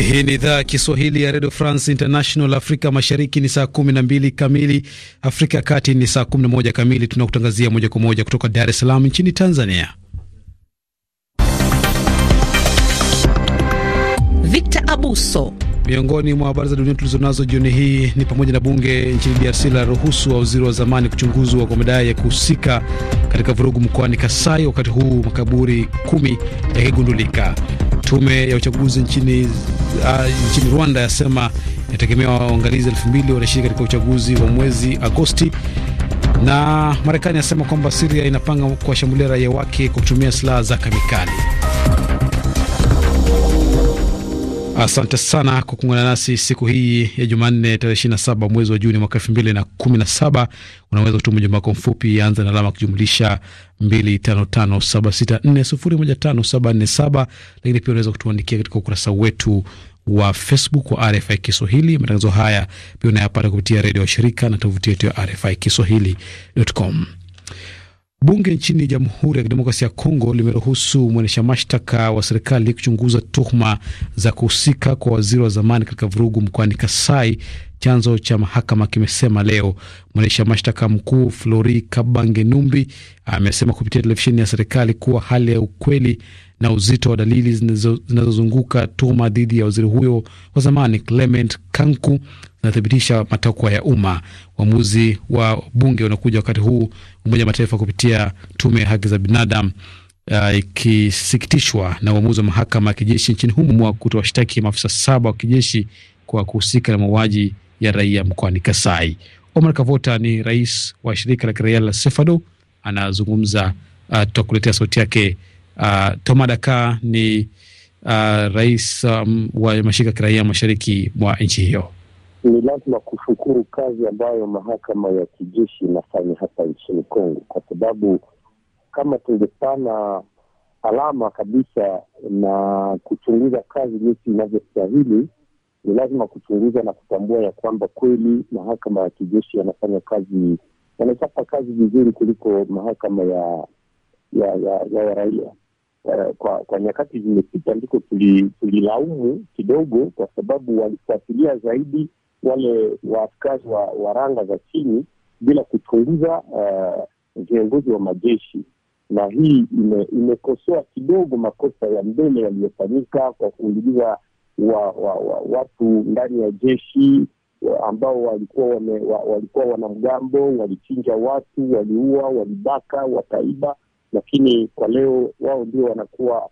Hii ni idhaa ya Kiswahili ya redio France International. Afrika Mashariki ni saa mbili kamili, Afrika ya Kati ni saa moja kamili. Tunakutangazia moja kwa moja kutoka Dar es Salaam nchini Tanzania. Victor Abuso. Miongoni mwa habari za dunia tulizonazo jioni hii ni pamoja na bunge nchini DRC la ruhusu wa waziri wa zamani kuchunguzwa kwa madai ya kuhusika katika vurugu mkoani Kasai, wakati huu makaburi kumi yakigundulika. Tume ya uchaguzi nchini, uh, nchini Rwanda yasema inategemewa waangalizi elfu mbili wanashiriki katika uchaguzi wa mwezi Agosti, na Marekani yasema kwamba Siria inapanga kuwashambulia raia wake kwa kutumia silaha za kemikali. Asante sana kwa kuungana nasi siku hii ya Jumanne tarehe 27 mwezi wa Juni mwaka 2017. Unaweza kutuma ujumbe wako mfupi, anza na alama kujumlisha 255764015747 lakini pia unaweza kutuandikia katika ukurasa wetu wa Facebook wa RFI Kiswahili. Matangazo haya pia unayapata kupitia redio wa shirika na tovuti yetu ya RFI Kiswahili.com. Bunge nchini Jamhuri ya Kidemokrasia ya Kongo limeruhusu mwendesha mashtaka wa serikali kuchunguza tuhuma za kuhusika kwa waziri wa zamani katika vurugu mkoani Kasai. Chanzo cha mahakama kimesema leo. Mwendesha mashtaka mkuu Flori Kabange Numbi amesema kupitia televisheni ya serikali kuwa hali ya ukweli na uzito wa dalili zinazozunguka tuhuma dhidi ya waziri huyo wa zamani Clement Kanku zinathibitisha matakwa ya umma. Uamuzi wa bunge unakuja wakati huu Umoja wa Mataifa kupitia tume ya haki za binadamu uh, ikisikitishwa na uamuzi wa mahakama ya kijeshi nchini humo wa kutowashtaki maafisa saba wa kijeshi kwa kuhusika na mauaji ya raia mkoani Kasai. Omar Kavota ni rais wa shirika la kiraia la Sefado, anazungumza uh, tutakuletea sauti yake. Uh, Toma Daka ni uh, rais um, wa mashirika ya kiraia mashariki mwa nchi hiyo ni lazima kushukuru kazi ambayo mahakama ya kijeshi inafanya hapa nchini Kongo, kwa sababu kama tungepana alama kabisa na kuchunguza kazi jinsi inavyostahili, ni lazima kuchunguza na kutambua ya kwamba kweli mahakama ya kijeshi yanafanya kazi, yanachapa kazi vizuri kuliko mahakama ya ya ya, ya raia. Eh, kwa kwa nyakati zimepita ndiko tulilaumu tuli kidogo, kwa sababu walifuatilia zaidi wale waaskari wa, wa ranga za chini bila kuchunguza eh, viongozi uh, wa majeshi, na hii imekosoa ime kidogo makosa ya mbele yaliyofanyika kwa kuingiza wa, wa, wa, watu ndani ya jeshi ambao walikuwa wame, wa, walikuwa wanamgambo, walichinja watu, waliua, walibaka, wakaiba, lakini kwa leo wao ndio wanakuwa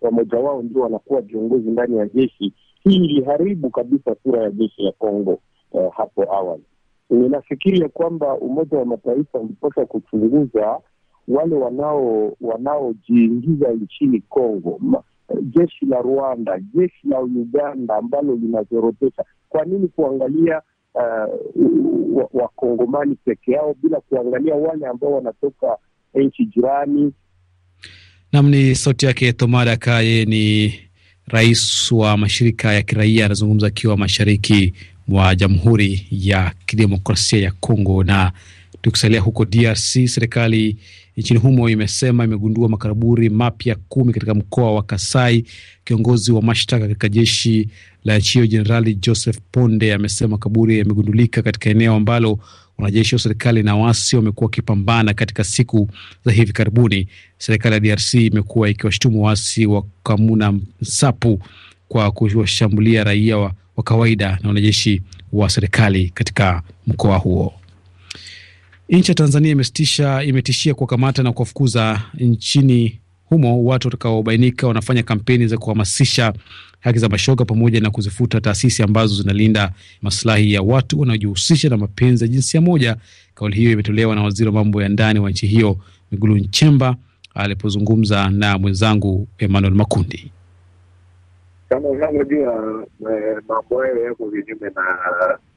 wamoja wao ndio wanakuwa viongozi ndani ya jeshi. Hii iliharibu kabisa sura ya jeshi ya Kongo eh, hapo awali. Ninafikiri ya kwamba Umoja wa Mataifa ulipaswa kuchunguza wale wanao wanaojiingiza nchini Kongo, jeshi la Rwanda, jeshi la Uganda ambalo linazorotesha. Kwa nini kuangalia uh, wakongomani wa peke yao bila kuangalia wale ambao wanatoka nchi jirani? Nam, ni sauti yake Thomada Kaye, ni Rais wa mashirika ya kiraia anazungumza akiwa mashariki mwa Jamhuri ya Kidemokrasia ya Kongo. Na tukisalia huko DRC, serikali nchini humo imesema imegundua makaburi mapya kumi katika mkoa wa Kasai. Kiongozi wa mashtaka katika jeshi la nchi hiyo Jenerali Joseph Ponde amesema makaburi yamegundulika katika eneo ambalo Wanajeshi wa serikali na waasi wamekuwa wakipambana katika siku za hivi karibuni. Serikali ya DRC imekuwa ikiwashutumu waasi wa Kamuna Nsapu kwa kuwashambulia raia wa, wa kawaida na wanajeshi wa serikali katika mkoa huo. Nchi ya Tanzania imesitisha, imetishia kuwakamata na kuwafukuza nchini humo watu watakaobainika wanafanya kampeni za kuhamasisha haki za mashoga pamoja na kuzifuta taasisi ambazo zinalinda maslahi ya watu wanaojihusisha na mapenzi ya jinsia moja. Kauli hiyo imetolewa na waziri wa mambo ya ndani wa nchi hiyo Mwigulu Nchemba alipozungumza na mwenzangu Emmanuel Makundi. Kama unavyojua eh, mambo hayo yako kinyume na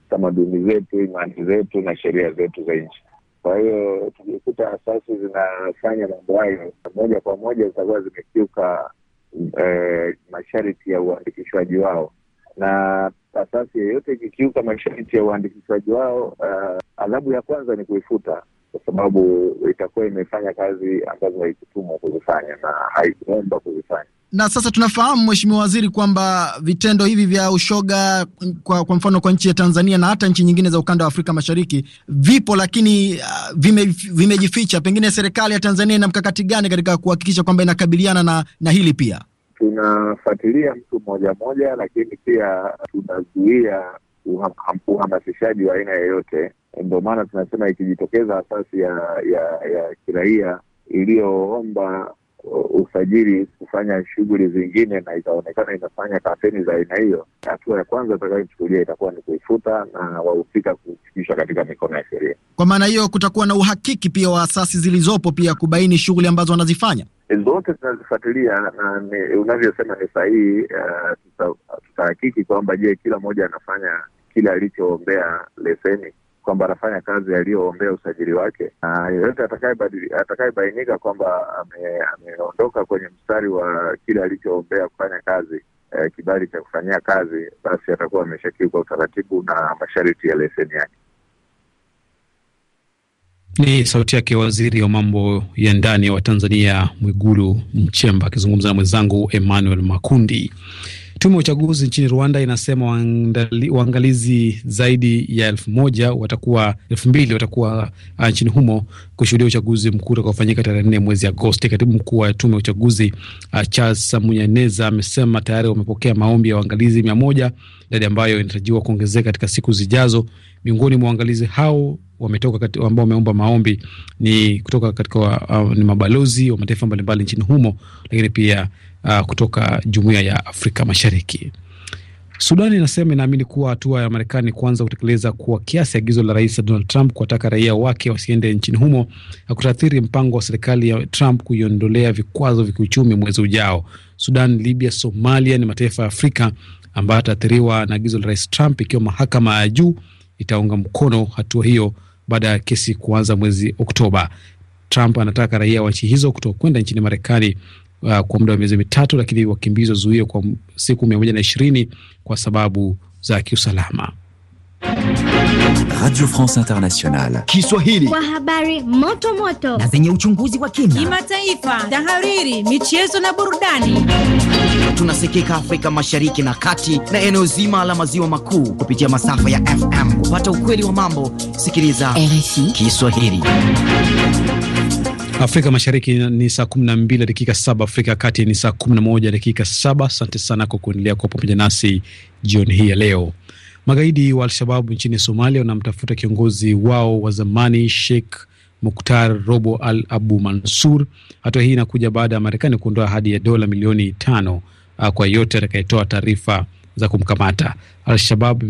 tamaduni zetu, imani zetu na sheria zetu za nchi. Kwa hiyo tukikuta asasi zinafanya mambo hayo moja kwa moja, zitakuwa zimekiuka eh, masharti ya uandikishwaji wao, na asasi yeyote ikikiuka masharti ya uandikishwaji wao, uh, adhabu ya kwanza ni kuifuta, kwa sababu itakuwa imefanya kazi ambazo haikutumwa kuzifanya na haikuomba kuzifanya na sasa tunafahamu Mheshimiwa Waziri kwamba vitendo hivi vya ushoga kwa, kwa mfano kwa nchi ya Tanzania na hata nchi nyingine za ukanda wa Afrika Mashariki vipo, lakini uh, vime, vimejificha. Pengine serikali ya Tanzania ina mkakati gani katika kuhakikisha kwamba inakabiliana na, na hili pia? Tunafuatilia mtu mmoja mmoja, lakini pia tunazuia uhamasishaji wa aina yoyote. Ndio maana tunasema ikijitokeza asasi ya, ya, ya kiraia iliyoomba Uh, usajili kufanya shughuli zingine na itaonekana inafanya kampeni za aina hiyo, hatua ya kwanza itakayochukulia itakuwa ni kuifuta na wahusika kufikishwa katika mikono ya sheria. Kwa maana hiyo, kutakuwa na uhakiki pia wa asasi zilizopo pia kubaini shughuli ambazo wanazifanya e, zote tunazifuatilia na unavyosema ni sahihi. Uh, tutahakiki kwamba je, kila mmoja anafanya kile alichoombea leseni kwamba anafanya kazi aliyoombea usajili wake, na yoyote atakayebainika kwamba ameondoka ame kwenye mstari wa kile alichoombea kufanya kazi eh, kibali cha kufanyia kazi, basi atakuwa ameshakiuka utaratibu na masharti ya leseni yake. Ni sauti yake waziri wa mambo ya ndani wa Tanzania Mwigulu Nchemba akizungumza na mwenzangu Emmanuel Makundi. Tume ya uchaguzi nchini Rwanda inasema waangalizi zaidi ya elfu moja watakuwa elfu mbili watakuwa uh, nchini humo kushuhudia uchaguzi mkuu utakaofanyika tarehe nne mwezi Agosti. Katibu mkuu wa tume ya uchaguzi uh, Charles Samunyaneza amesema tayari wamepokea maombi ya waangalizi mia moja, idadi ambayo inatarajiwa kuongezeka katika siku zijazo. Miongoni mwa waangalizi hao wametoka ambao wameomba maombi ni kutoka katika wa, uh, ni mabalozi wa mataifa mbalimbali nchini humo, lakini pia uh, kutoka jumuiya ya Afrika Mashariki. Sudani inasema inaamini kuwa hatua ya Marekani kuanza kutekeleza kwa kiasi agizo la Rais Donald Trump kuwataka raia wake wasiende nchini humo na mpango wa serikali ya Trump kuiondolea vikwazo vya kiuchumi mwezi ujao. Sudan, Libya, Somalia ni mataifa ya Afrika ambayo ataathiriwa na agizo la Rais Trump, ikiwa mahakama ya juu itaunga mkono hatua hiyo baada ya kesi kuanza mwezi Oktoba. Trump anataka raia wa nchi hizo kutokwenda nchini Marekani uh, kwa muda wa miezi mitatu, lakini wakimbizi wazuiwe kwa siku mia moja na ishirini kwa sababu za kiusalama. Radio France Internationale. Kiswahili. Kwa habari moto moto na zenye uchunguzi wa kina, kimataifa, tahariri, michezo na burudani. Tunasikika Afrika Mashariki na Kati na eneo zima la maziwa makuu kupitia masafa ya FM. Kupata ukweli wa mambo, sikiliza RFI Kiswahili. Afrika Mashariki ni saa 12 dakika 7, Afrika ya Kati ni saa 11 dakika saba. Asante sana kwa kuendelea kuwa pamoja nasi jioni hii ya leo. Magaidi wa Al-Shababu nchini Somalia wanamtafuta kiongozi wao wa zamani Sheikh Muktar Robo Al Abu Mansur. Hatua hii inakuja baada ya Marekani kuondoa ahadi ya dola milioni tano uh, kwa yote atakayetoa taarifa za kumkamata. al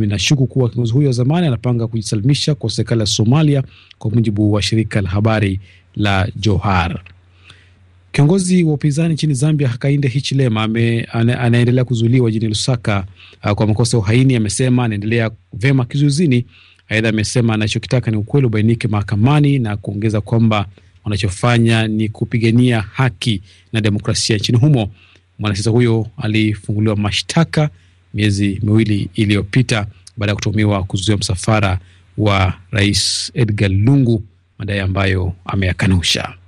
inashuku kuwa kiongozi huyo wa zamani anapanga kujisalimisha kwa serikali ya Somalia, kwa mujibu wa shirika la habari la Johar. Kiongozi wa upinzani nchini Zambia Hakainde Hichilema anaendelea kuzuiliwa jijini Lusaka uh, kwa makosa ya uhaini. Amesema anaendelea vema kizuizini. Aidha, amesema anachokitaka ni ukweli ubainike mahakamani na kuongeza kwamba wanachofanya ni kupigania haki na demokrasia nchini humo. Mwanasiasa huyo alifunguliwa mashtaka miezi miwili iliyopita baada ya kutumiwa kuzuia msafara wa Rais Edgar Lungu, madai ambayo ameyakanusha.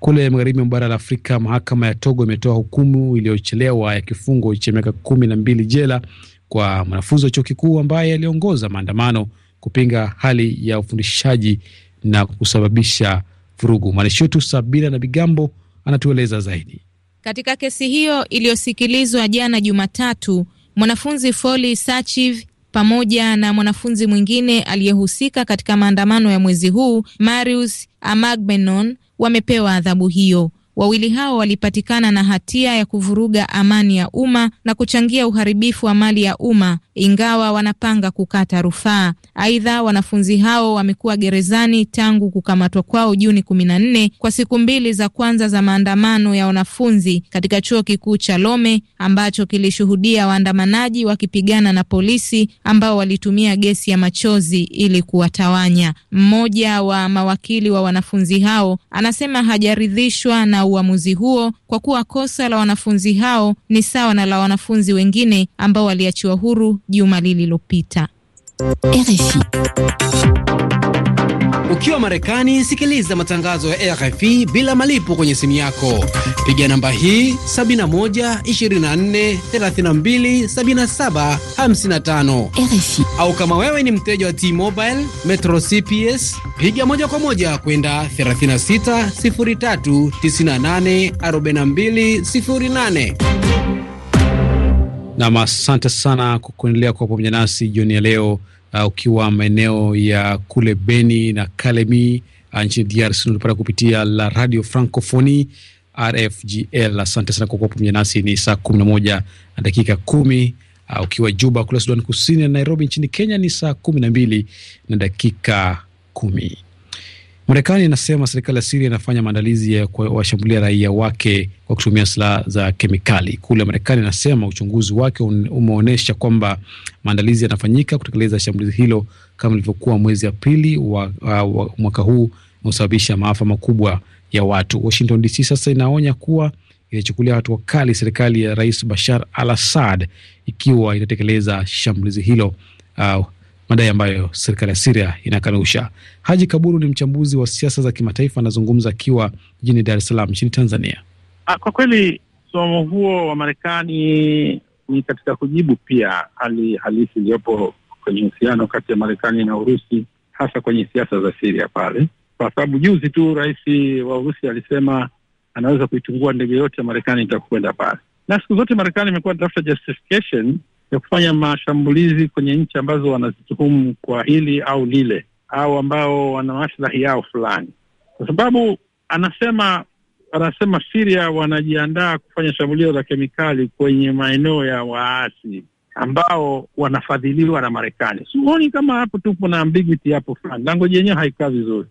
Kule magharibi mwa bara la Afrika, mahakama ya Togo imetoa hukumu iliyochelewa ya kifungo cha miaka kumi na mbili jela kwa mwanafunzi wa chuo kikuu ambaye aliongoza maandamano kupinga hali ya ufundishaji na kusababisha vurugu. Mwandishi wetu Sabina na Bigambo anatueleza zaidi. Katika kesi hiyo iliyosikilizwa jana Jumatatu, mwanafunzi Foli Sachiv pamoja na mwanafunzi mwingine aliyehusika katika maandamano ya mwezi huu Marius Amagbenon wamepewa adhabu hiyo. Wawili hao walipatikana na hatia ya kuvuruga amani ya umma na kuchangia uharibifu wa mali ya umma, ingawa wanapanga kukata rufaa. Aidha, wanafunzi hao wamekuwa gerezani tangu kukamatwa kwao Juni 14 kwa siku mbili za kwanza za maandamano ya wanafunzi katika chuo kikuu cha Lome ambacho kilishuhudia waandamanaji wakipigana na polisi ambao walitumia gesi ya machozi ili kuwatawanya. Mmoja wa mawakili wa wanafunzi hao anasema hajaridhishwa na na uamuzi huo kwa kuwa kosa la wanafunzi hao ni sawa na la wanafunzi wengine ambao waliachiwa huru juma lililopita. RFI ukiwa Marekani, sikiliza matangazo ya RFI bila malipo kwenye simu yako. Piga namba hii 7124327755 Au kama wewe ni mteja wa T-Mobile Metro CPS, piga moja kwa moja kwenda 36 Nam, asante sana kwa kuendelea kuwa pamoja nasi jioni ya leo uh, ukiwa maeneo ya kule Beni na Kalemi uh, nchini DRC unatupata kupitia la Radio Francophonie RFGL. Asante sana kwa kuwa pamoja nasi. Ni saa kumi na moja na dakika kumi uh, ukiwa Juba kule Sudan Kusini na Nairobi nchini Kenya ni saa kumi na mbili na dakika kumi. Marekani inasema serikali ya Siria inafanya maandalizi ya kuwashambulia raia wake kwa kutumia silaha za kemikali. Kule Marekani inasema uchunguzi wake umeonyesha kwamba maandalizi yanafanyika kutekeleza shambulizi hilo kama ilivyokuwa mwezi Aprili wa, wa, wa mwaka huu unaosababisha maafa makubwa ya watu. Washington DC sasa inaonya kuwa inachukulia hatua kali serikali ya Rais Bashar al Assad ikiwa itatekeleza shambulizi hilo uh, madai ambayo serikali ya Siria inakanusha. Haji Kaburu ni mchambuzi wa siasa za kimataifa, anazungumza akiwa jijini Dar es Salaam nchini Tanzania. Ah, kwa kweli msimamo huo wa Marekani ni katika kujibu pia hali halisi iliyopo kwenye uhusiano kati ya Marekani na Urusi, hasa kwenye siasa za Siria pale, kwa sababu juzi tu rais wa Urusi alisema anaweza kuitungua ndege yote ya Marekani itakwenda pale, na siku zote Marekani imekuwa tafuta justification ya kufanya mashambulizi kwenye nchi ambazo wanazituhumu kwa hili au lile, au ambao wana maslahi yao fulani, kwa sababu anasema anasema Siria wanajiandaa kufanya shambulio za kemikali kwenye maeneo ya waasi ambao wanafadhiliwa na Marekani. Sioni kama hapo tu kuna ambiguity hapo fulani, langoji yenyewe haikaa vizuri.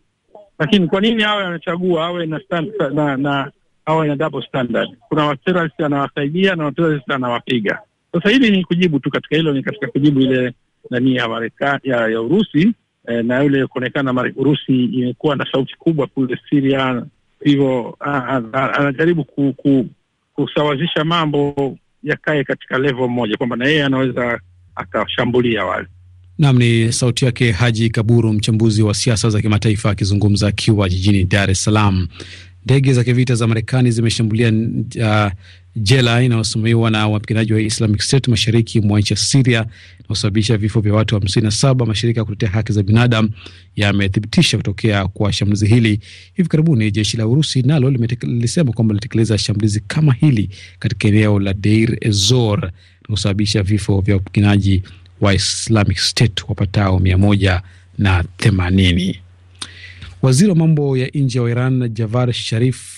Lakini kwa nini awe anachagua awe na standard, na, na awe na double standard? Kuna waterrorist anawasaidia na waterrorist anawapiga. Sasa hili ni kujibu tu katika hilo, ni katika kujibu ile nani ya Marekani ya, ya Urusi eh, na yule kuonekana Urusi imekuwa na sauti kubwa kule Syria, hivyo anajaribu ku, ku, kusawazisha mambo yakae katika level moja, kwamba na yeye anaweza akashambulia wale Nam ni sauti yake Haji Kaburu, mchambuzi wa siasa za kimataifa akizungumza akiwa jijini Dar es Salaam. Ndege za kivita za Marekani zimeshambulia uh, jela inayosimamiwa na wapiganaji wa Islamic State mashariki mwa nchi ya Siria na kusababisha vifo vya watu hamsini na saba. Mashirika ya kutetea haki za binadamu yamethibitisha kutokea kwa shambulizi hili hivi karibuni. Jeshi la Urusi nalo lilisema kwamba litekeleza shambulizi kama hili katika eneo la Deir Ezor na kusababisha vifo vya wapiganaji wa Islamic State wapatao mia moja na themanini. Waziri wa mambo ya nje wa Iran Javad Sharif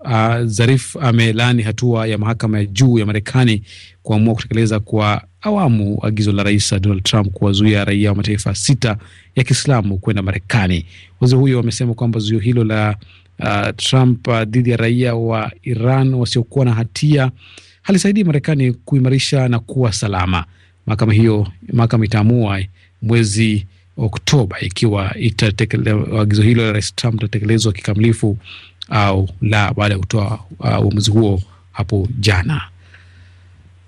Uh, Zarif amelaani hatua ya mahakama ya juu ya Marekani kuamua kutekeleza kwa awamu agizo la Rais Donald Trump kuwazuia raia wa mataifa sita ya Kiislamu kwenda Marekani. Waziri huyo amesema kwamba zuio hilo la uh, Trump uh, dhidi ya raia wa Iran wasiokuwa na hatia halisaidii Marekani kuimarisha na kuwa salama. Mahakama hiyo mahakama itaamua mwezi Oktoba ikiwa agizo hilo la Rais Trump litatekelezwa kikamilifu au la, baada ya kutoa uh, uamuzi uh, huo hapo jana.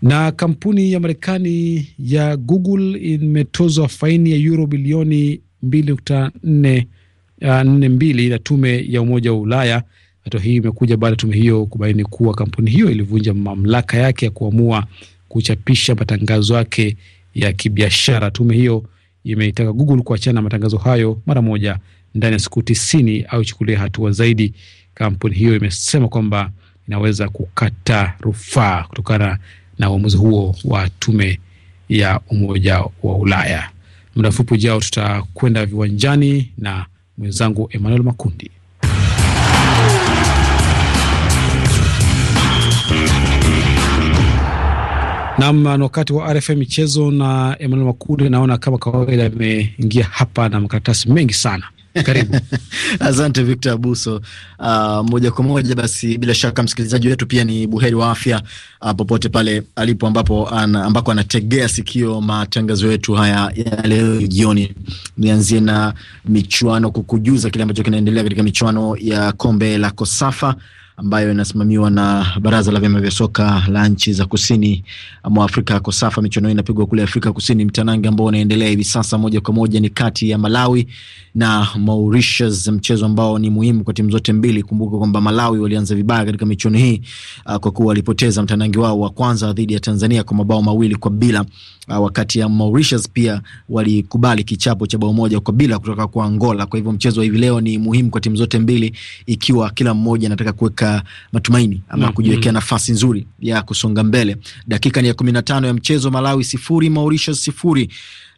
Na kampuni ya Marekani ya Google imetozwa faini ya euro bilioni 2.42 uh, na tume ya Umoja wa Ulaya. Hatua hii imekuja baada ya tume hiyo kubaini kuwa kampuni hiyo ilivunja mamlaka yake ya kuamua kuchapisha matangazo yake ya kibiashara. Tume hiyo imeitaka Google kuachana na matangazo hayo mara moja ndani ya siku tisini au ichukulia hatua zaidi. Kampuni hiyo imesema kwamba inaweza kukata rufaa kutokana na uamuzi huo wa tume ya Umoja wa Ulaya. Muda mfupi ujao tutakwenda viwanjani na mwenzangu Emmanuel Makundi. Nam na wakati wa RFM michezo na Emmanuel makunde naona kama kawaida ameingia hapa na makaratasi mengi sana. Karibu. Asante Victor Abuso. Uh, moja kwa moja basi, bila shaka msikilizaji wetu pia ni buheri wa afya uh, popote pale alipo ambapo an, ambako anategea sikio matangazo yetu haya ya leo jioni. Nianzie na michuano, kukujuza kile ambacho kinaendelea katika michuano ya kombe la Kosafa ambayo inasimamiwa na baraza la vyama vya soka la nchi za kusini mwa Afrika KOSAFA. Michuano inapigwa kule Afrika Kusini. Mtanange ambao unaendelea hivi sasa moja kwa moja ni kati ya Malawi na Mauritius, mchezo ambao ni muhimu kwa timu zote mbili. Kumbuka kwamba Malawi walianza vibaya katika michuano hii uh, kwa kuwa walipoteza mtanangi wao wa kwanza dhidi ya Tanzania kwa mabao mawili kwa bila uh, wakati ya Mauritius pia walikubali kichapo cha bao moja kwa bila kutoka kwa Angola. Kwa hivyo mchezo hivi leo ni muhimu kwa timu zote mbili, ikiwa kila mmoja anataka kuweka matumaini ama mm -hmm. kujiwekea nafasi nzuri ya kusonga mbele. Dakika ni ya kumi na tano ya mchezo, Malawi sifuri Mauritius sifuri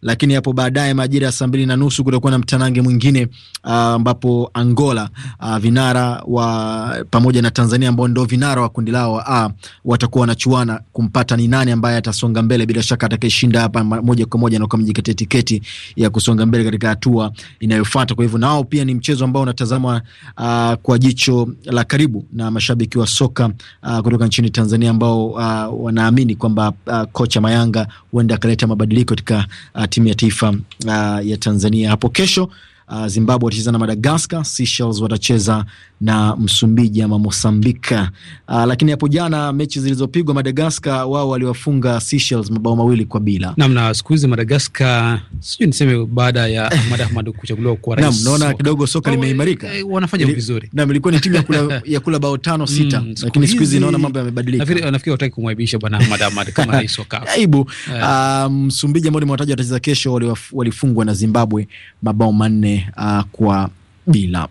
lakini hapo baadaye majira ya saa mbili na nusu kutakuwa na mtanange mwingine ah, ambapo uh, Angola uh, vinara wa pamoja na Tanzania ambao ndio vinara wa kundi lao wa ah, A watakuwa wanachuana kumpata ni nani ambaye atasonga mbele. Bila shaka atakayeshinda hapa moja kwa moja na kumjikatia tiketi ya kusonga mbele katika hatua inayofuata. Kwa hivyo nao pia ni mchezo ambao unatazamwa uh, kwa jicho la karibu na mashabiki wa soka uh, kutoka nchini Tanzania ambao uh, wanaamini kwamba uh, kocha Mayanga huenda akaleta mabadiliko katika uh, timu ya taifa uh, ya Tanzania hapo kesho Uh, Zimbabwe watacheza na Madagascar, Seychelles watacheza na Msumbiji ama Mosambika. Uh, lakini hapo jana mechi zilizopigwa Madagascar wao waliwafunga Seychelles mabao mawili kwa bila. Naam, na siku hizi Madagascar sijui niseme baada ya Ahmad Ahmad kuchaguliwa kuwa rais. Naam, naona kidogo soka limeimarika. Eh, wanafanya vizuri. Naam, ilikuwa ni timu ya kula ya kula bao tano mm, sita, mm, siku lakini siku hizi naona mambo yamebadilika. Nafikiri eh, nafikiri wataki kumwaibisha bwana Ahmad Ahmad kama rais wa CAF. Aibu. Eh. Ah, Msumbiji ambao nimewataja watacheza kesho, walifungwa na Zimbabwe mabao manne uh, kwa bila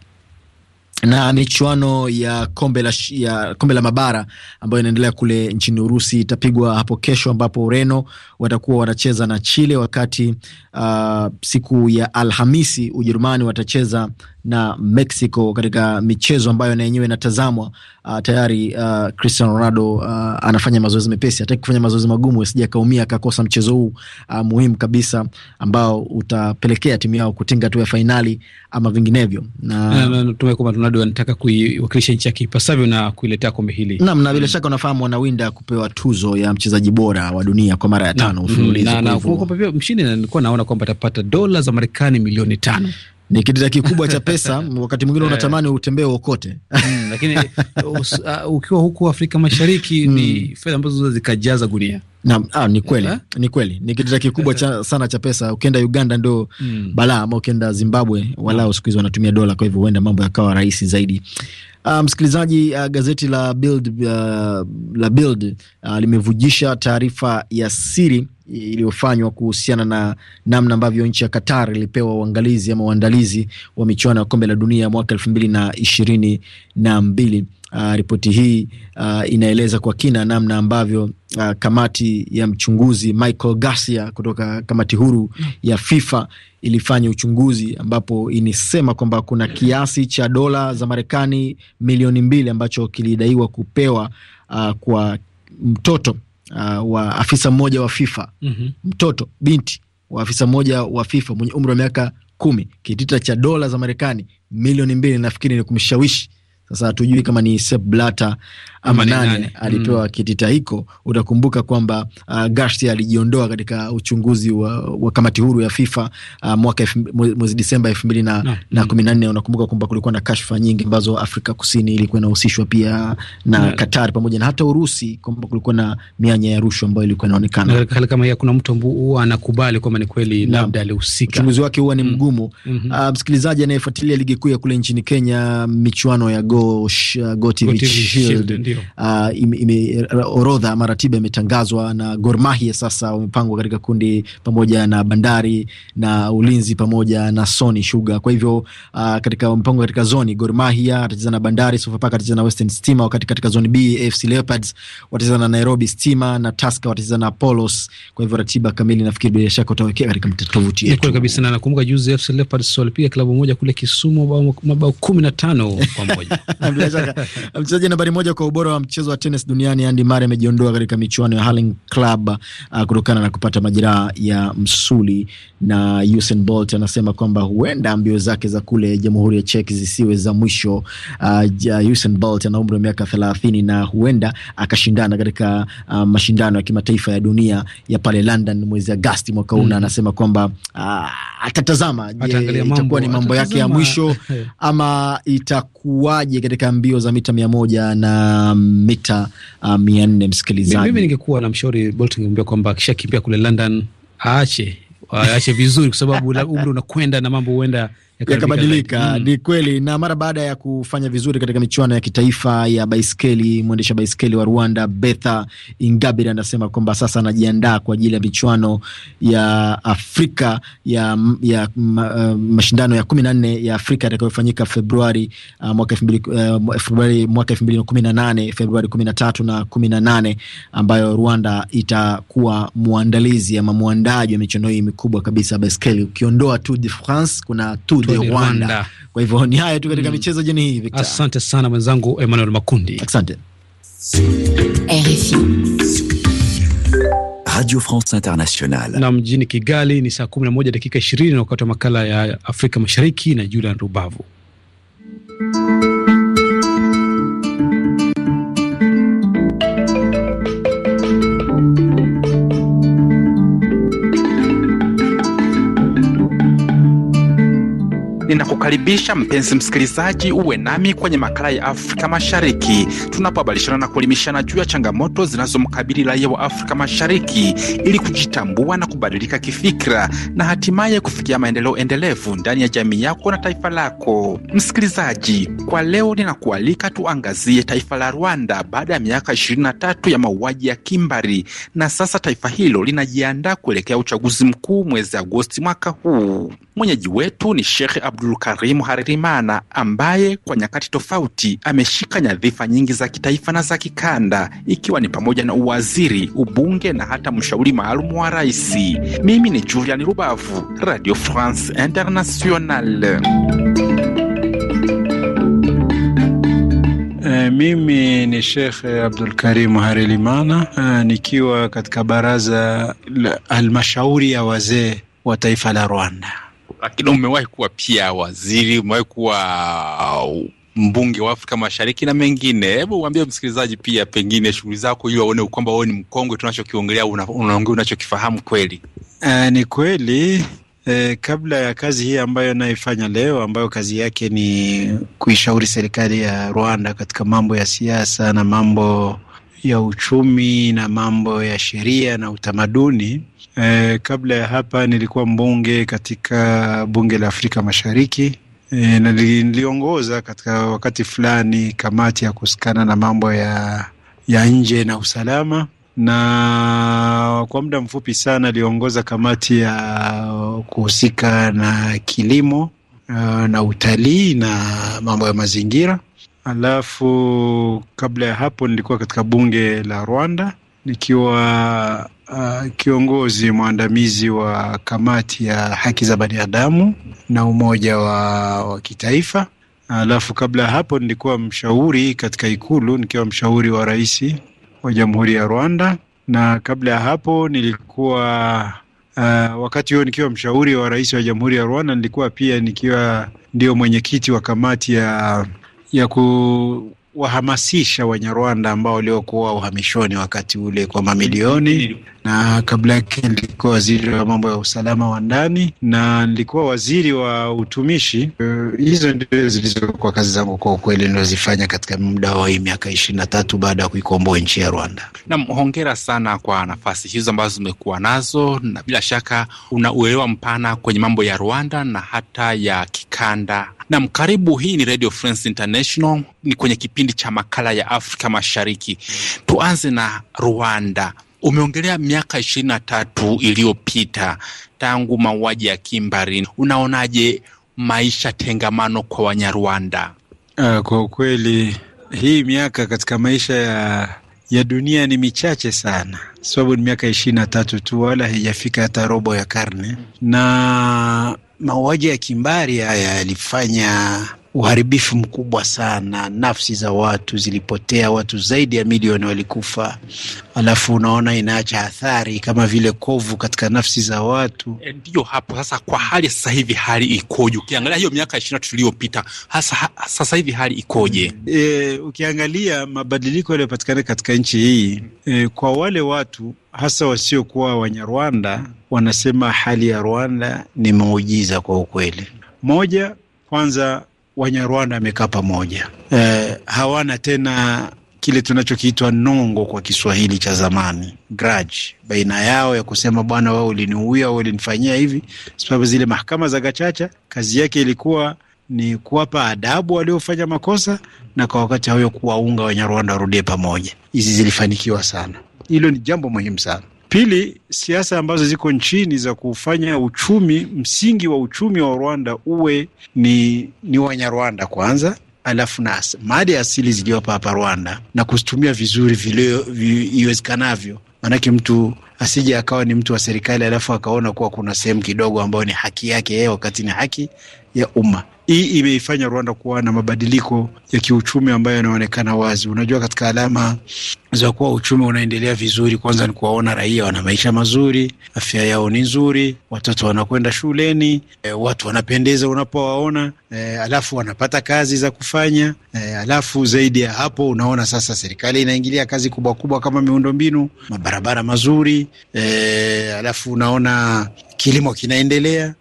na michuano ya kombe la, ya kombe la mabara ambayo inaendelea kule nchini Urusi itapigwa hapo kesho, ambapo Ureno watakuwa wanacheza na Chile, wakati uh, siku ya Alhamisi Ujerumani watacheza na Mexico katika michezo ambayo na yenyewe inatazamwa. Uh, tayari uh, Cristiano Ronaldo uh, anafanya mazoezi mepesi, hataki kufanya mazoezi magumu, asije akaumia akakosa mchezo huu uh, muhimu kabisa ambao utapelekea timu yao kutinga tu ya fainali ama vinginevyo, na natumai kwamba Ronaldo anataka kuiwakilisha nchi yake ipasavyo na kuiletea kombe hili nam, na bila shaka unafahamu anawinda kupewa tuzo ya mchezaji bora wa dunia kwa mara ya tano mfululizo, na kwa kwamba pia mshindi nilikuwa naona kwamba atapata dola za Marekani milioni tano ni kidida kikubwa cha pesa. Wakati mwingine eh. unatamani utembee wokote Mm, lakini uh, uh, ukiwa huku Afrika Mashariki ni mm. fedha ambazo zikajaza gunia Naam, ah, ni kweli yeah. Ni kweli ni kitu kikubwa cha, sana cha pesa. Ukienda Uganda ndo mm. balaa, ama ukienda Zimbabwe walao hmm. siku hizi wanatumia dola, kwa hivyo huenda mambo yakawa rahisi zaidi. Uh, msikilizaji, uh, gazeti la Bild, uh, ah, la Bild uh, limevujisha taarifa ya siri iliyofanywa kuhusiana na namna ambavyo nchi ya Qatar ilipewa uangalizi ama uandalizi wa michuano ya kombe la dunia mwaka elfu mbili na ishirini na mbili. Uh, ripoti hii uh, inaeleza kwa kina namna ambavyo uh, kamati ya mchunguzi Michael Garcia kutoka kamati huru mm. ya FIFA ilifanya uchunguzi ambapo inisema kwamba kuna kiasi cha dola za Marekani milioni mbili ambacho kilidaiwa kupewa uh, kwa mtoto uh, wa afisa mmoja wa FIFA mm -hmm. Mtoto binti wa afisa mmoja wa FIFA mwenye umri wa miaka kumi, kitita cha dola za Marekani milioni mbili, nafikiri ni kumshawishi sasa hatujui kama ni Sepp Blatter ama nani alipewa mm. kitita hiko. Utakumbuka kwamba uh, Garcia alijiondoa katika uchunguzi wa, wa kamati huru ya FIFA uh, mwaka mwezi Disemba elfu mbili na, no. na kumi na nne. Unakumbuka kwamba kulikuwa na kashfa nyingi ambazo Afrika Kusini ilikuwa inahusishwa pia na no. Qatar pamoja na hata Urusi, kwamba kulikuwa na mianya ya rushwa ambayo ilikuwa inaonekana. no. hali kama hiyo, kuna mtu ambao huwa anakubali kwamba ni kweli no. labda alihusika. Uchunguzi wake huwa ni mm. mgumu. mm. mm -hmm. Uh, msikilizaji anayefuatilia ligi kuu ya kule nchini Kenya, michuano ya go Go, uh, Go Shield, ah, orodha ama ratiba imetangazwa na Gor Mahia sasa wamepangwa katika kundi pamoja na Bandari na Ulinzi pamoja na Sony Sugar. Kwa hivyo uh, katika mpango katika zoni Gor Mahia atacheza na Bandari, Sofapaka atacheza na Western Stima, wakati katika zoni B AFC Leopards watacheza na Nairobi Stima na Tusker watacheza na Polos. Kwa hivyo ratiba kamili nafikiri bila shaka utawekea katika tovuti yetu. kweli kabisa na nakumbuka juzi AFC Leopards walipiga klabu moja kule Kisumu mabao kumi na tano kwa moja bila shaka mchezaji nambari moja kwa ubora wa mchezo wa tenis duniani Andy Murray amejiondoa katika michuano ya Hurling Club uh, kutokana na kupata majeraha ya msuli, na Usain Bolt anasema kwamba huenda mbio zake za kule Jamhuri ya Czech zisiwe za mwisho. Uh, Usain Bolt ana umri wa miaka thelathini na huenda akashindana katika uh, mashindano ya kimataifa ya dunia ya pale London mwezi Agasti mwaka huu, na mm. anasema kwamba uh, atatazama, je, itakuwa ni mambo yake ya mwisho ama itakuwaje katika mbio za mita mia moja na mita uh, mia nne. Msikilizaji, mimi ningekuwa na mshauri Bolt ningemwambia kwamba akishakimbia kule London aache aache vizuri, kwa sababu umri unakwenda na mambo huenda yakabadilika. Ni kweli. Na mara baada ya kufanya vizuri katika michuano ya kitaifa ya baiskeli, mwendesha baiskeli wa Rwanda Betha Ingabire anasema kwamba sasa anajiandaa kwa ajili ya michuano ya Afrika ya, ya ma, eh, mashindano ya kumi na nne ya Afrika yatakayofanyika Februari uh, mwaka elfu mbili na kumi na nane Februari kumi na tatu na kumi na nane ambayo Rwanda itakuwa mwandalizi ama mwandaji wa michuano hii mikubwa kabisa ya baiskeli ukiondoa Tour de France kuna Tour ni Rwanda. Rwanda. Kwa hivyo ni haya tu katika mm. michezo jeni hii Victor. Asante sana mwenzangu Emmanuel Makundi. Asante. RFI. Radio France Internationale. Na mjini Kigali ni saa 11 dakika 20 na wakati wa makala ya Afrika Mashariki na Julian Rubavu. Ninakukaribisha mpenzi msikilizaji, uwe nami kwenye makala ya Afrika Mashariki tunapobadilishana na kuelimishana juu ya changamoto zinazomkabili raia wa Afrika Mashariki ili kujitambua na kubadilika kifikira na hatimaye kufikia maendeleo endelevu ndani ya jamii yako na taifa lako. Msikilizaji, kwa leo ninakualika tuangazie taifa la Rwanda baada ya miaka 23 ya mauaji ya kimbari, na sasa taifa hilo linajiandaa kuelekea uchaguzi mkuu mwezi Agosti mwaka huu. Mwenyeji wetu ni shekhe Karim Harerimana ambaye kwa nyakati tofauti ameshika nyadhifa nyingi za kitaifa na za kikanda, ikiwa ni pamoja na uwaziri, ubunge na hata mshauri maalum wa rais. Mimi ni Julian Rubavu, Radio France International. Eh, mimi ni Sheikh Abdul Karim Harelimana eh, nikiwa katika baraza la halmashauri ya wazee wa taifa la Rwanda lakini umewahi kuwa pia waziri, umewahi kuwa uh, mbunge wa Afrika Mashariki na mengine. Hebu uambie msikilizaji pia pengine shughuli zako, ili waone kwamba wewe ni mkongwe, tunachokiongelea unaongea unachokifahamu kweli. Uh, ni kweli Eh, kabla ya kazi hii ambayo naifanya leo, ambayo kazi yake ni kuishauri serikali ya Rwanda katika mambo ya siasa na mambo ya uchumi na mambo ya sheria na utamaduni. E, kabla ya hapa nilikuwa mbunge katika bunge la Afrika Mashariki e, na niliongoza katika wakati fulani kamati ya kuhusikana na mambo ya, ya nje na usalama na kwa muda mfupi sana aliongoza kamati ya kuhusika na kilimo e, na utalii na mambo ya mazingira alafu kabla ya hapo nilikuwa katika bunge la Rwanda nikiwa uh, kiongozi mwandamizi wa kamati ya haki za binadamu na umoja wa, wa kitaifa. Alafu kabla ya hapo nilikuwa mshauri katika Ikulu, nikiwa mshauri wa rais wa Jamhuri ya Rwanda, na kabla ya hapo nilikuwa uh, wakati huo nikiwa mshauri wa rais wa Jamhuri ya Rwanda, nilikuwa pia nikiwa ndio mwenyekiti wa kamati ya ya kuwahamasisha Wanyarwanda ambao waliokuwa uhamishoni wakati ule kwa mamilioni na kabla yake nilikuwa waziri wa mambo ya usalama wa ndani na nilikuwa waziri wa utumishi. Eh, hizo uh, ndio zilizokuwa kazi zangu kwa ukweli, niliozifanya katika muda wa hii miaka ishirini na tatu baada ya kuikomboa nchi ya Rwanda. Nam, hongera sana kwa nafasi hizo ambazo zimekuwa nazo, na bila shaka una uelewa mpana kwenye mambo ya Rwanda na hata ya kikanda. Nam, karibu. Hii ni Radio France International, ni kwenye kipindi cha makala ya Afrika Mashariki. Tuanze na Rwanda. Umeongelea miaka ishirini na tatu iliyopita tangu mauaji ya kimbari, unaonaje maisha tengamano kwa Wanyarwanda? Uh, kwa ukweli hii miaka katika maisha ya ya dunia ni michache sana, sababu ni miaka ishirini na tatu tu, wala haijafika hata robo ya karne. Na mauaji ya kimbari haya yalifanya uharibifu mkubwa sana, nafsi za watu zilipotea, watu zaidi ya milioni walikufa. Alafu unaona inaacha athari kama vile kovu katika nafsi za watu. E, ndiyo hapo sasa, kwa hali sasa hivi hali ikoje? Ukiangalia hiyo miaka ishirini na tatu iliyopita, hasa sasa hivi hali ikoje? E, ukiangalia mabadiliko yaliyopatikana katika nchi hii e, kwa wale watu hasa wasiokuwa Wanyarwanda wanasema hali ya Rwanda ni muujiza kwa ukweli. Moja, kwanza Wanyarwanda wamekaa pamoja eh, hawana tena kile tunachokiitwa nongo kwa Kiswahili cha zamani, grudge baina yao ya kusema bwana, wewe uliniuia, wewe ulinifanyia hivi, sababu zile mahakama za Gachacha kazi yake ilikuwa ni kuwapa adabu waliofanya makosa na kwa wakati huo kuwaunga Wanyarwanda warudie pamoja. Hizi zilifanikiwa sana, hilo ni jambo muhimu sana. Pili, siasa ambazo ziko nchini za kufanya uchumi, msingi wa uchumi wa Rwanda uwe ni, ni Wanyarwanda kwanza alafu na mali ya asili ziliyopo hapa Rwanda na kuzitumia vizuri iwezekanavyo, maanake mtu asije akawa ni mtu wa serikali alafu akaona kuwa kuna sehemu kidogo ambayo ni haki yake yeye, wakati ni haki ya umma. Hii imeifanya Rwanda kuwa na mabadiliko ya kiuchumi ambayo yanaonekana wazi. Unajua, katika alama za kuwa uchumi unaendelea vizuri, kwanza ni kuwaona raia wana maisha mazuri, afya yao ni nzuri, watoto wanakwenda shuleni, e, watu wanapendeza unapowaona, e, alafu wanapata kazi za kufanya, e, alafu zaidi ya hapo unaona sasa serikali inaingilia kazi kubwa kubwa kama miundombinu, mabarabara mazuri, e, alafu unaona kilimo kinaendelea.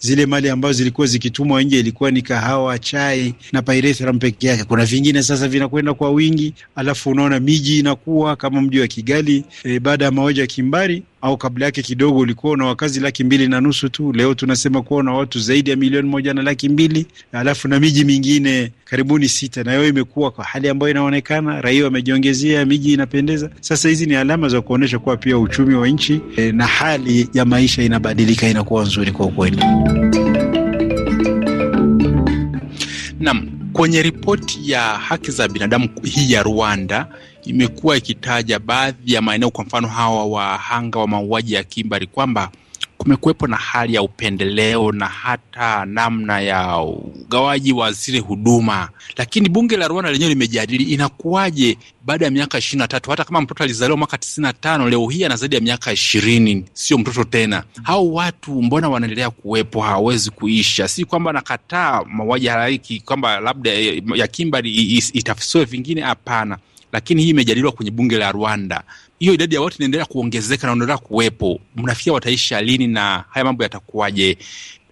Zile mali ambazo zilikuwa zikitumwa nje ilikuwa ni kahawa, chai na pyrethrum peke yake. Kuna vingine sasa vinakwenda kwa wingi, alafu unaona miji inakuwa kama mji wa Kigali e, baada ya mauaji ya kimbari au kabla yake kidogo ulikuwa na wakazi laki mbili na nusu tu. Leo tunasema kuwa na watu zaidi ya milioni moja na laki mbili alafu na miji mingine karibuni sita, na nayo imekuwa kwa hali ambayo inaonekana raia wamejiongezea, miji inapendeza. Sasa hizi ni alama za kuonyesha kuwa pia uchumi wa nchi e, na hali ya maisha inabadilika, inakuwa nzuri kwa ukweli. Naam, kwenye ripoti ya haki za binadamu hii ya Rwanda imekuwa ikitaja baadhi ya maeneo, kwa mfano hawa wahanga wa mauaji ya kimbari, kwamba kumekuwepo na hali ya upendeleo na hata namna ya ugawaji wa zile huduma. Lakini bunge la Rwanda lenyewe limejadili inakuwaje baada ya miaka ishirini na tatu hata kama mtoto alizaliwa mwaka tisini na tano leo hii ana zaidi ya miaka ishirini sio mtoto tena. Hao watu mbona wanaendelea kuwepo? Hawawezi kuisha. Si kwamba nakataa mauaji halaiki, kwamba labda ya kimbari itafisiwe vingine, hapana lakini hii imejadiliwa kwenye bunge la Rwanda. Hiyo idadi ya watu inaendelea kuongezeka na inaendelea kuwepo. Mnafikia wataisha lini na haya mambo yatakuwaje?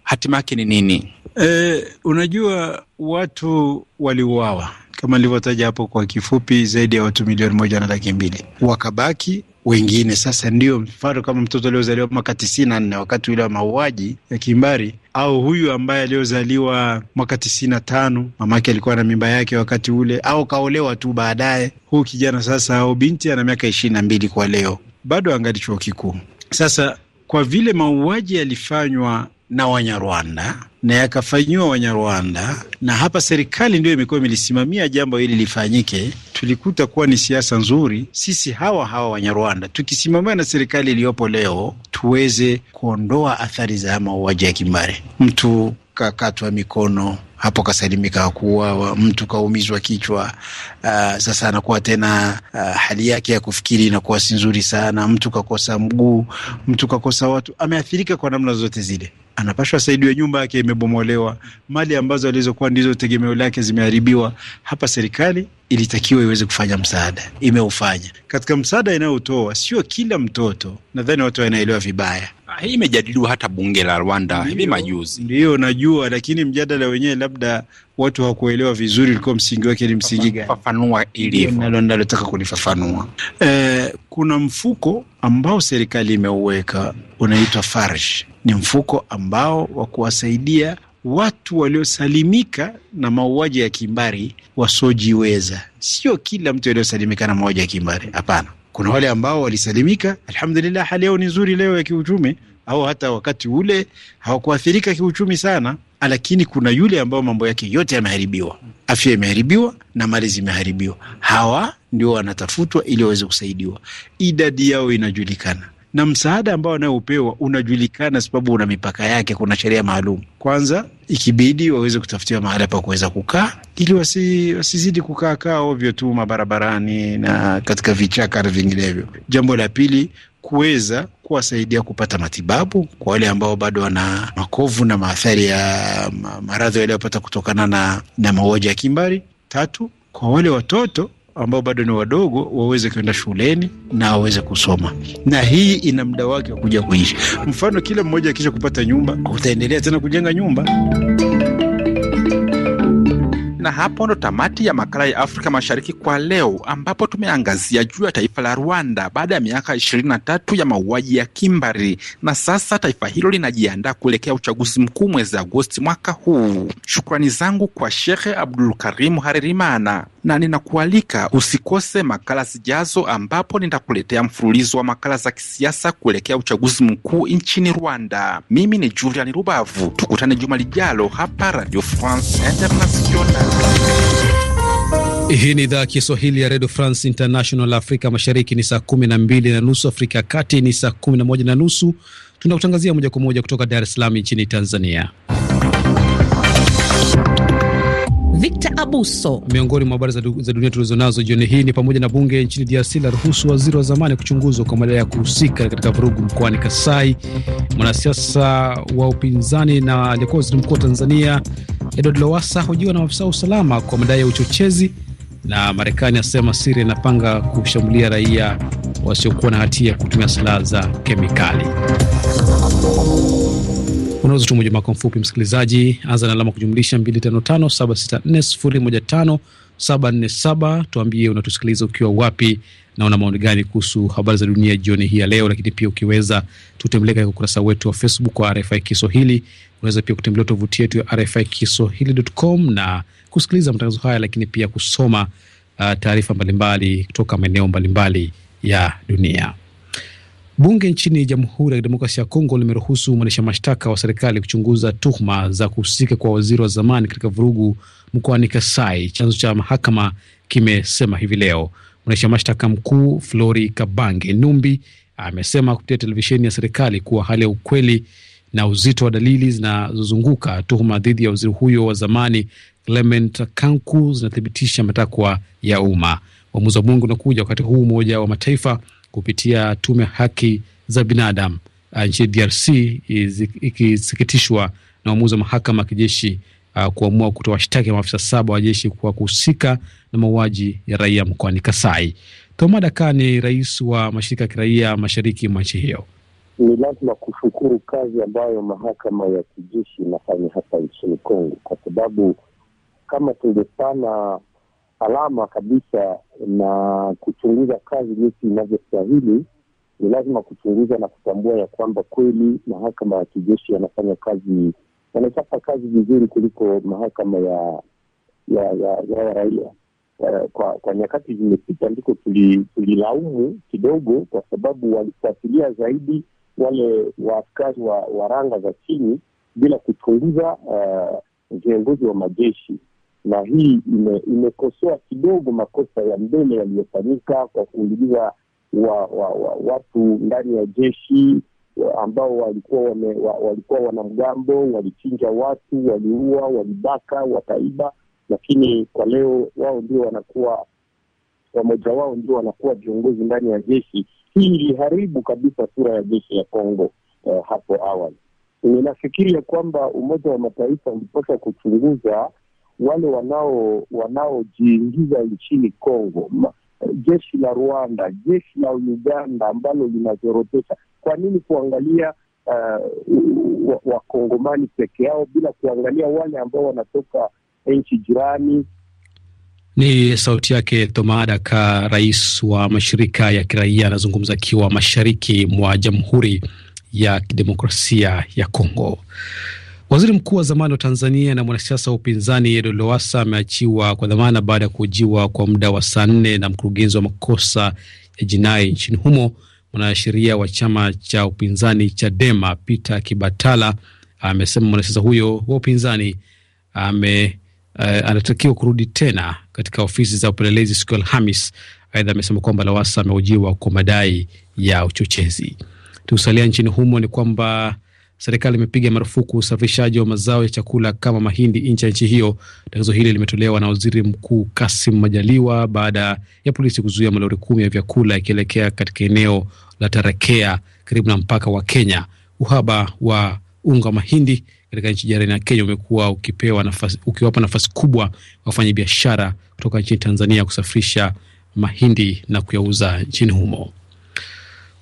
Hatima yake ni nini? E, unajua watu waliuawa kama nilivyotaja hapo kwa kifupi, zaidi ya watu milioni moja na laki mbili wakabaki wengine. Sasa ndio mfano kama mtoto aliozaliwa mwaka tisini na nne wakati ule wa mauaji ya kimbari au huyu ambaye aliozaliwa mwaka tisini na tano mamake alikuwa na mimba yake wakati ule, au kaolewa tu baadaye. Huu kijana sasa au binti ana miaka ishirini na mbili kwa leo, bado angali chuo kikuu. Sasa kwa vile mauaji yalifanywa na Wanyarwanda na yakafanyiwa Wanyarwanda, na hapa serikali ndio imekuwa imelisimamia jambo hili lifanyike. Tulikuta kuwa ni siasa nzuri, sisi hawa hawa Wanyarwanda tukisimamiwa na serikali iliyopo leo, tuweze kuondoa athari za mauaji ya kimbare. Mtu kakatwa mikono hapo kasalimika kuwa mtu kaumizwa kichwa. Uh, sasa anakuwa tena uh, hali yake ya kufikiri inakuwa si nzuri sana. Mtu kakosa mguu, mtu kakosa watu, ameathirika kwa namna zote zile anapashwa saidiwe, nyumba yake imebomolewa, mali ambazo alizokuwa ndizo tegemeo lake zimeharibiwa. Hapa serikali ilitakiwa iweze kufanya msaada, imeufanya katika msaada inayotoa. Sio kila mtoto, nadhani watu wanaelewa vibaya. Ah, hii imejadiliwa hata bunge la Rwanda hivi majuzi. Ndiyo najua, lakini mjadala wenyewe labda watu hawakuelewa vizuri ulikuwa msingi wake ni msingi gani, fafanua ilivyo. nalotaka kulifafanua. E, eh, kuna mfuko ambao serikali imeuweka unaitwa Farj. Ni mfuko ambao wa kuwasaidia watu waliosalimika na mauaji ya kimbari wasiojiweza. Sio kila mtu aliosalimika na mauaji ya kimbari hapana. Kuna wale ambao walisalimika, alhamdulillah, hali yao ni nzuri leo ya kiuchumi au hata wakati ule hawakuathirika kiuchumi sana, lakini kuna yule ambao mambo yake yote yameharibiwa, afya imeharibiwa na mali zimeharibiwa. Hawa ndio wanatafutwa ili waweze kusaidiwa. Idadi yao inajulikana na msaada ambao wanayopewa unajulikana, sababu una mipaka yake. Kuna sheria maalum. Kwanza ikibidi waweze kutafutiwa mahala pa kuweza kukaa, ili wasi, wasizidi kukaakaa ovyo tu mabarabarani na katika vichaka na vinginevyo. Jambo la pili, kuweza kuwasaidia kupata matibabu kwa wale ambao bado wana makovu na maathari ya maradhi waliyopata kutokana na, na mauaji ya kimbari. Tatu, kwa wale watoto ambao bado ni wadogo waweze kuenda shuleni na waweze kusoma, na hii ina muda wake wa kuja kuishi. Mfano, kila mmoja akisha kupata nyumba, utaendelea tena kujenga nyumba. Na hapo ndo tamati ya makala ya Afrika Mashariki kwa leo, ambapo tumeangazia juu ya taifa la Rwanda baada ya miaka ishirini na tatu ya mauaji ya kimbari, na sasa taifa hilo linajiandaa kuelekea uchaguzi mkuu mwezi Agosti mwaka huu. Shukrani zangu kwa Shekhe Abdul Karimu Harerimana na ninakualika usikose makala zijazo, ambapo nitakuletea mfululizo wa makala za kisiasa kuelekea uchaguzi mkuu nchini Rwanda. Mimi ni Julian Rubavu, tukutane juma lijalo hapa Radio France International. Hii ni idhaa ya Kiswahili ya redio France International. Afrika mashariki ni saa kumi na mbili na nusu, Afrika ya kati ni saa kumi na moja na nusu. Tunakutangazia moja kwa moja kutoka Dar es Salaam nchini Tanzania. Victor Abuso. Miongoni mwa habari za, za dunia tulizonazo jioni hii ni pamoja na bunge nchini DRC la ruhusu waziri wa zamani kuchunguzwa kwa madai ya kuhusika katika vurugu mkoani Kasai. Mwanasiasa wa upinzani na aliyekuwa waziri mkuu wa Tanzania Edward lowasa hojiwa na maafisa wa usalama kwa madai ya uchochezi. Na Marekani asema Siria inapanga kushambulia raia wasiokuwa na hatia kutumia silaha za kemikali. Unaweza kutuma ujumbe wako mfupi msikilizaji, anza na alama kujumlisha 255764015747. Tuambie unatusikiliza ukiwa wapi na una maoni gani kuhusu habari za dunia jioni hii ya leo. Lakini pia ukiweza tutembelee katika ukurasa wetu wa Facebook wa RFI Kiswahili. Unaweza pia kutembelea tovuti yetu ya RFI Kiswahili.com na kusikiliza matangazo haya, lakini pia kusoma uh, taarifa mbalimbali kutoka maeneo mbalimbali ya dunia. Bunge nchini Jamhuri ya Kidemokrasia ya Kongo limeruhusu mwendesha mashtaka wa serikali kuchunguza tuhuma za kuhusika kwa waziri wa zamani katika vurugu mkoani Kasai. Chanzo cha mahakama kimesema hivi leo. Mwendesha mashtaka mkuu Flori Kabange Numbi amesema kupitia televisheni ya serikali kuwa hali ya ukweli na uzito wa dalili zinazozunguka tuhuma dhidi ya waziri huyo wa zamani Clement Kanku zinathibitisha matakwa ya umma. Uamuzi wa bunge unakuja wakati huu Umoja wa Mataifa kupitia tume haki za binadamu uh, nchini DRC ikisikitishwa na uamuzi wa mahakama ya kijeshi uh, kuamua kutowashtaki maafisa saba wa jeshi kwa kuhusika na mauaji ya raia mkoani Kasai. Tomada Ka ni rais wa mashirika ya kiraia mashariki mwa nchi hiyo. Ni lazima kushukuru kazi ambayo mahakama ya kijeshi inafanya hapa nchini Kongo, kwa sababu kama tungepana salama kabisa na kuchunguza kazi jinsi inavyostahili, ni lazima kuchunguza na kutambua ya kwamba kweli mahakama ya kijeshi yanafanya kazi, yanachapa kazi vizuri kuliko mahakama ya ya ya, ya raia. kwa kwa nyakati zimepita ndiko tulilaumu tuli kidogo, kwa sababu walifuatilia zaidi wale waaskari wa, wa ranga za chini bila kuchunguza eh, viongozi wa majeshi na hii imekosoa kidogo makosa ya mbele yaliyofanyika kwa kuingiza wa, wa, wa, watu ndani ya jeshi ambao walikuwa wame, wa, walikuwa wanamgambo, walichinja watu, waliua, walibaka, wakaiba, lakini kwa leo wao ndio wanakuwa wamoja wao ndio wanakuwa viongozi ndani ya jeshi. Hii iliharibu kabisa sura ya jeshi ya Kongo eh, hapo awali. Ninafikiri ya kwamba Umoja wa Mataifa ulipaswa kuchunguza wale wanao wanaojiingiza nchini Kongo, jeshi la Rwanda, jeshi la Uganda ambalo linazorotesha. Kwa nini kuangalia uh, wakongomani peke yao bila kuangalia wale ambao wanatoka nchi jirani? Ni sauti yake Tomaadaka, rais wa mashirika ya kiraia, anazungumza akiwa mashariki mwa Jamhuri ya Kidemokrasia ya Kongo. Waziri mkuu wa zamani wa Tanzania na mwanasiasa wa upinzani Edo Lowasa ameachiwa kwa dhamana baada ya kuhojiwa kwa muda wa saa nne na mkurugenzi wa makosa ya jinai nchini humo. Mwanasheria wa chama cha upinzani Chadema Peter Kibatala amesema mwanasiasa huyo wa upinzani ame uh, anatakiwa kurudi tena katika ofisi za upelelezi siku ya Alhamis. Aidha amesema kwamba Lawasa amehojiwa kwa madai ya uchochezi. Tukisalia nchini humo, ni kwamba serikali imepiga marufuku usafirishaji wa mazao ya chakula kama mahindi nje ya nchi hiyo. Tangazo hili limetolewa na waziri mkuu Kasim Majaliwa baada ya polisi kuzuia malori kumi ya vyakula ikielekea katika eneo la Tarakea karibu na mpaka wa Kenya. Uhaba wa unga wa mahindi katika nchi jirani ya Kenya umekuwa ukipewa nafasi, ukiwapa nafasi kubwa wafanya biashara kutoka nchini Tanzania kusafirisha mahindi na kuyauza nchini humo.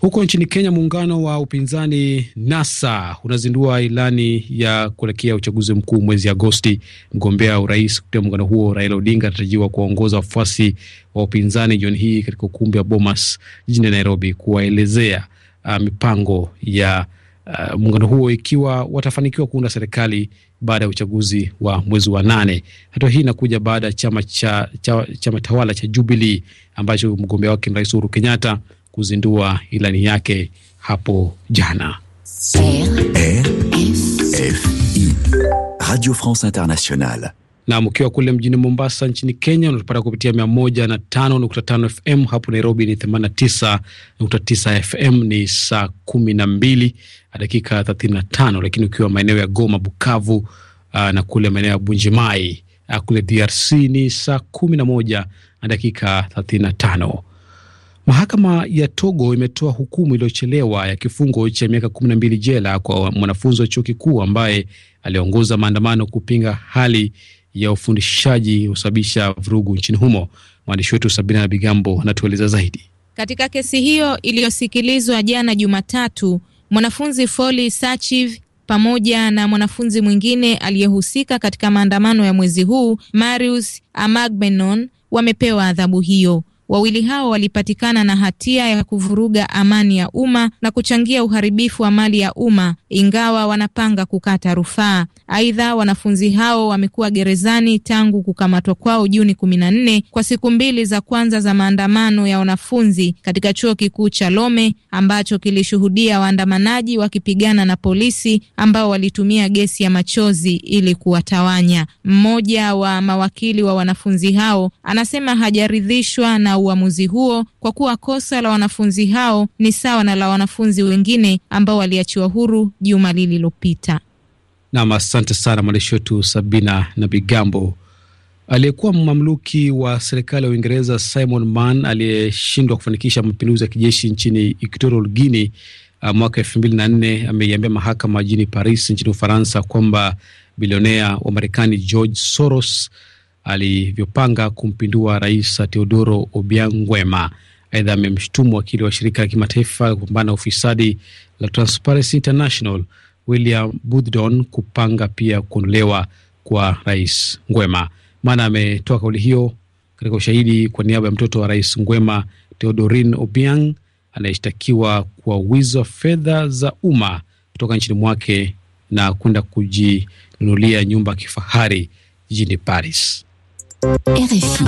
Huko nchini Kenya, muungano wa upinzani NASA unazindua ilani ya kuelekea uchaguzi mkuu mwezi Agosti. Mgombea urais kupitia muungano huo Raila Odinga anatarajiwa kuwaongoza wafuasi wa upinzani jioni hii katika ukumbi wa Bomas jijini Nairobi, kuwaelezea uh, mipango ya uh, muungano huo ikiwa watafanikiwa kuunda serikali baada ya uchaguzi wa mwezi wa nane. Hatua hii inakuja baada ya chama, cha, chama tawala cha Jubilee ambacho mgombea wake ni Rais Uhuru Kenyatta kuzindua ilani yake hapo jana. RFI, Radio France Internationale. kule mjini Mombasa nchini Kenya unatupata kupitia 105.5 FM. Hapo Nairobi ni 89.9 FM. Ni saa 12 na dakika 35, lakini ukiwa maeneo ya Goma, Bukavu ah, na kule maeneo ya Bunjimai ah, kule DRC ni saa 11 na dakika 35. Mahakama ya Togo imetoa hukumu iliyochelewa ya kifungo cha miaka kumi na mbili jela kwa mwanafunzi wa chuo kikuu ambaye aliongoza maandamano kupinga hali ya ufundishaji husababisha vurugu nchini humo. Mwandishi wetu Sabina Bigambo anatueleza zaidi. Katika kesi hiyo iliyosikilizwa jana Jumatatu, mwanafunzi Foli Sachiv pamoja na mwanafunzi mwingine aliyehusika katika maandamano ya mwezi huu Marius Amagbenon wamepewa adhabu hiyo. Wawili hao walipatikana na hatia ya kuvuruga amani ya umma na kuchangia uharibifu wa mali ya umma, ingawa wanapanga kukata rufaa. Aidha, wanafunzi hao wamekuwa gerezani tangu kukamatwa kwao Juni kumi na nne kwa siku mbili za kwanza za maandamano ya wanafunzi katika chuo kikuu cha Lome ambacho kilishuhudia waandamanaji wakipigana na polisi ambao walitumia gesi ya machozi ili kuwatawanya. Mmoja wa mawakili wa wanafunzi hao anasema hajaridhishwa na uamuzi huo kwa kuwa kosa la wanafunzi hao ni sawa na la wanafunzi wengine ambao waliachiwa huru juma lililopita. Nam, asante sana mwandishi wetu Sabina na Bigambo. Aliyekuwa mamluki wa serikali ya Uingereza Simon Mann aliyeshindwa kufanikisha mapinduzi ya kijeshi nchini Equatorial Guinea uh, mwaka elfu mbili na nne ameiambia mahakama jini Paris nchini Ufaransa kwamba bilionea wa Marekani George Soros alivyopanga kumpindua rais Teodoro Obiang Nguema. Aidha, amemshutumu wakili wa shirika la kimataifa kupambana na ufisadi la Transparency International William Budidon kupanga pia kuondolewa kwa rais Ngwema. Maana ametoa kauli hiyo katika ushahidi kwa niaba ya mtoto wa rais Ngwema, Theodorin Obiang anayeshtakiwa kwa wizi wa fedha za umma kutoka nchini mwake na kwenda kujinunulia nyumba ya kifahari jijini Paris. RFI.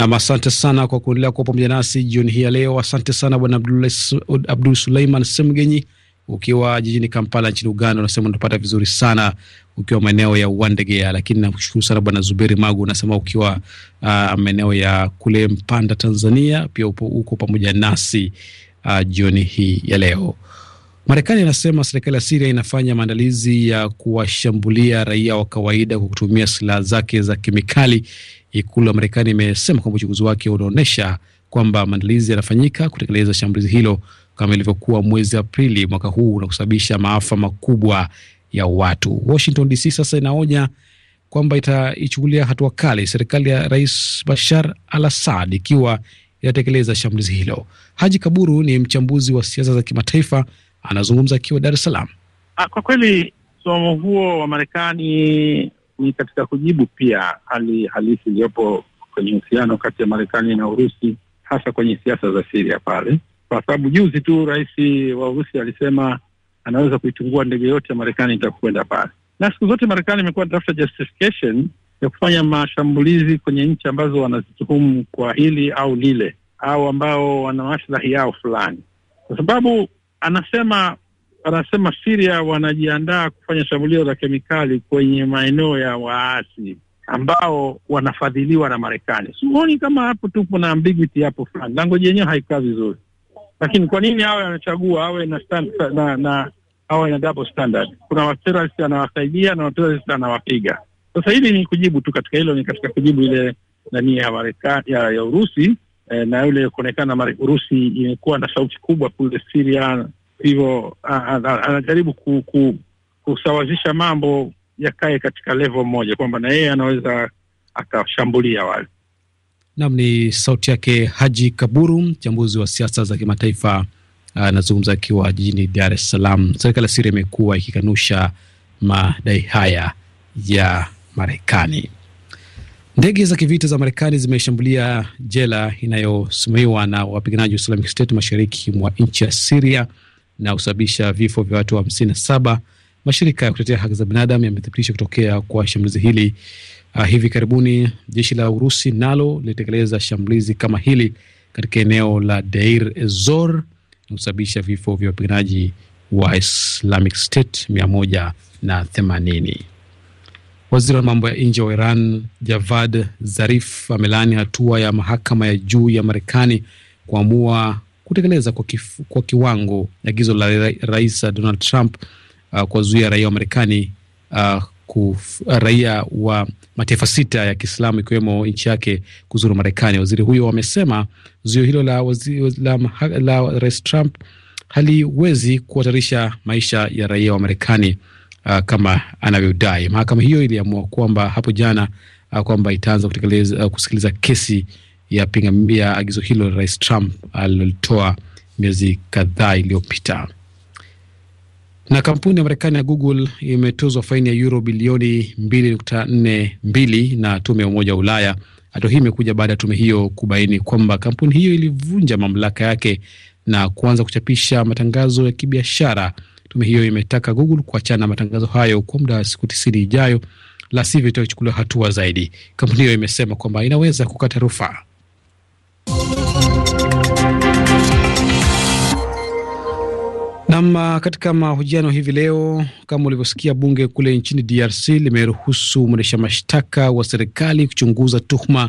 Nam, asante sana kwa kuendelea kuwa pamoja nasi jioni hii ya leo. Asante sana bwana Abdul Suleiman Semgenyi ukiwa jijini Kampala nchini Uganda, unasema unatupata vizuri sana ukiwa maeneo ya uandegea Lakini nakushukuru sana bwana Zuberi Magu, unasema ukiwa uh, maeneo ya kule Mpanda, Tanzania, pia upo, uko pamoja nasi uh, jioni hii ya leo. Marekani inasema serikali ya Siria inafanya maandalizi ya kuwashambulia raia wa kawaida kwa kutumia silaha zake za kemikali. Ikulu ya Marekani imesema kwamba uchunguzi wake unaonyesha kwamba maandalizi yanafanyika kutekeleza shambulizi hilo kama ilivyokuwa mwezi Aprili mwaka huu na kusababisha maafa makubwa ya watu. Washington DC sasa inaonya kwamba itaichukulia hatua kali serikali ya Rais Bashar al Assad ikiwa inatekeleza shambulizi hilo. Haji Kaburu ni mchambuzi wa siasa za kimataifa anazungumza akiwa Dar es Salaam. Ah, kwa kweli msimamo huo wa Marekani ni katika kujibu pia hali halisi iliyopo kwenye uhusiano kati ya Marekani na Urusi, hasa kwenye siasa za Siria pale, kwa sababu juzi tu rais wa Urusi alisema anaweza kuitungua ndege yote ya Marekani itakwenda pale, na siku zote Marekani imekuwa tafuta justification ya kufanya mashambulizi kwenye nchi ambazo wanazituhumu kwa hili au lile, au ambao wana maslahi yao fulani, kwa sababu anasema anasema siria wanajiandaa kufanya shambulio za kemikali kwenye maeneo ya waasi ambao wanafadhiliwa na Marekani. Sioni kama hapo tu kuna ambiguity hapo fulani, langoji yenyewe haikaa vizuri. Lakini kwa nini awe anachagua awe na stand, na, na awe na double standard? Kuna waterrorist anawasaidia na waterrorist anawapiga. Sasa hili ni kujibu tu katika hilo, ni katika kujibu ile nani ya Marekani ya, ya Urusi eh, na yule kuonekana Urusi imekuwa na sauti kubwa kule Siria, hivyo anajaribu ku, ku, kusawazisha mambo yakae katika level moja, kwamba na yeye anaweza akashambulia wale. Nam ni sauti yake Haji Kaburu, mchambuzi wa siasa za kimataifa anazungumza akiwa jijini Dar es Salaam. Serikali ya Siria imekuwa ikikanusha madai haya ya Marekani. Ndege za kivita za Marekani zimeshambulia jela inayosimamiwa na wapiganaji wa Islamic State mashariki mwa nchi ya Siria na kusababisha vifo vya watu hamsini na saba. Mashirika ya kutetea haki za binadamu yamethibitisha kutokea kwa shambulizi hili. Uh, hivi karibuni jeshi la Urusi nalo lilitekeleza shambulizi kama hili katika eneo la Deir Ezor na kusababisha vifo vya wapiganaji wa Islamic State mia moja na themanini. Waziri wa mambo ya nje wa Iran Javad Zarif amelaani hatua ya mahakama ya juu ya Marekani kuamua kutekeleza kwa, kifu, kwa kiwango agizo la Rais Donald Trump uh, kuwazuia raia wa Marekani uh, uh, raia wa mataifa sita ya Kiislamu ikiwemo nchi yake kuzuru Marekani. Waziri huyo amesema zuio hilo la, la, la, la Rais Trump haliwezi kuhatarisha maisha ya raia wa Marekani uh, kama anavyodai. Mahakama hiyo iliamua kwamba hapo jana uh, kwamba itaanza kutekeleza uh, kusikiliza kesi ya pingamia agizo hilo la Rais Trump alilolitoa miezi kadhaa iliyopita. Na kampuni ya Marekani ya Google imetozwa faini ya euro bilioni 2.42 na tume ya Umoja wa Ulaya. Hatua hii imekuja baada ya tume hiyo kubaini kwamba kampuni hiyo ilivunja mamlaka yake na kuanza kuchapisha matangazo ya kibiashara Tume hiyo imetaka Google kuachana matangazo hayo kwa muda wa siku tisini ijayo, la sivyo itachukuliwa hatua zaidi. Kampuni hiyo imesema kwamba inaweza kukata rufaa. Nam, katika mahojiano hivi leo, kama ulivyosikia, bunge kule nchini DRC limeruhusu mwendesha mashtaka wa serikali kuchunguza tuhuma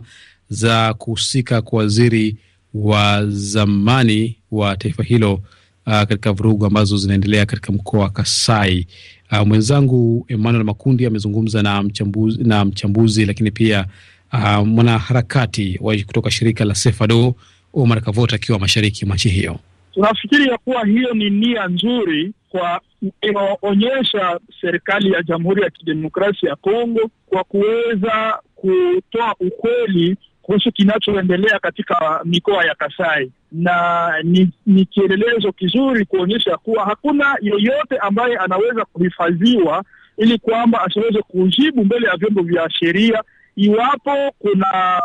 za kuhusika kwa waziri wa zamani wa taifa hilo uh, katika vurugu ambazo zinaendelea katika mkoa wa Kasai. Uh, mwenzangu Emmanuel Makundi amezungumza na mchambuzi, na mchambuzi lakini pia uh, mwanaharakati kutoka shirika la Sefado Omar Kavota akiwa mashariki mwa nchi hiyo. Tunafikiri ya kuwa hiyo ni nia nzuri kwa inaonyesha serikali ya Jamhuri ya Kidemokrasia ya Kongo kwa kuweza kutoa ukweli kuhusu kinachoendelea katika mikoa ya Kasai na ni, ni kielelezo kizuri kuonyesha kuwa hakuna yeyote ambaye anaweza kuhifadhiwa ili kwamba asiweze kujibu mbele ya vyombo vya sheria iwapo kuna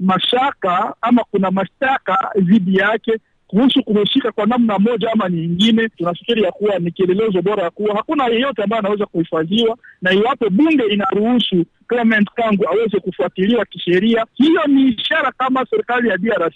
mashaka ama kuna mashtaka dhidi yake kuhusu kuhusika kwa namna moja ama nyingine. Tunafikiri ya kuwa ni kielelezo bora ya kuwa hakuna yeyote ambaye anaweza kuhifadhiwa, na iwapo bunge inaruhusu Clement Kangu aweze kufuatiliwa kisheria. Hiyo ni ishara kama serikali ya DRC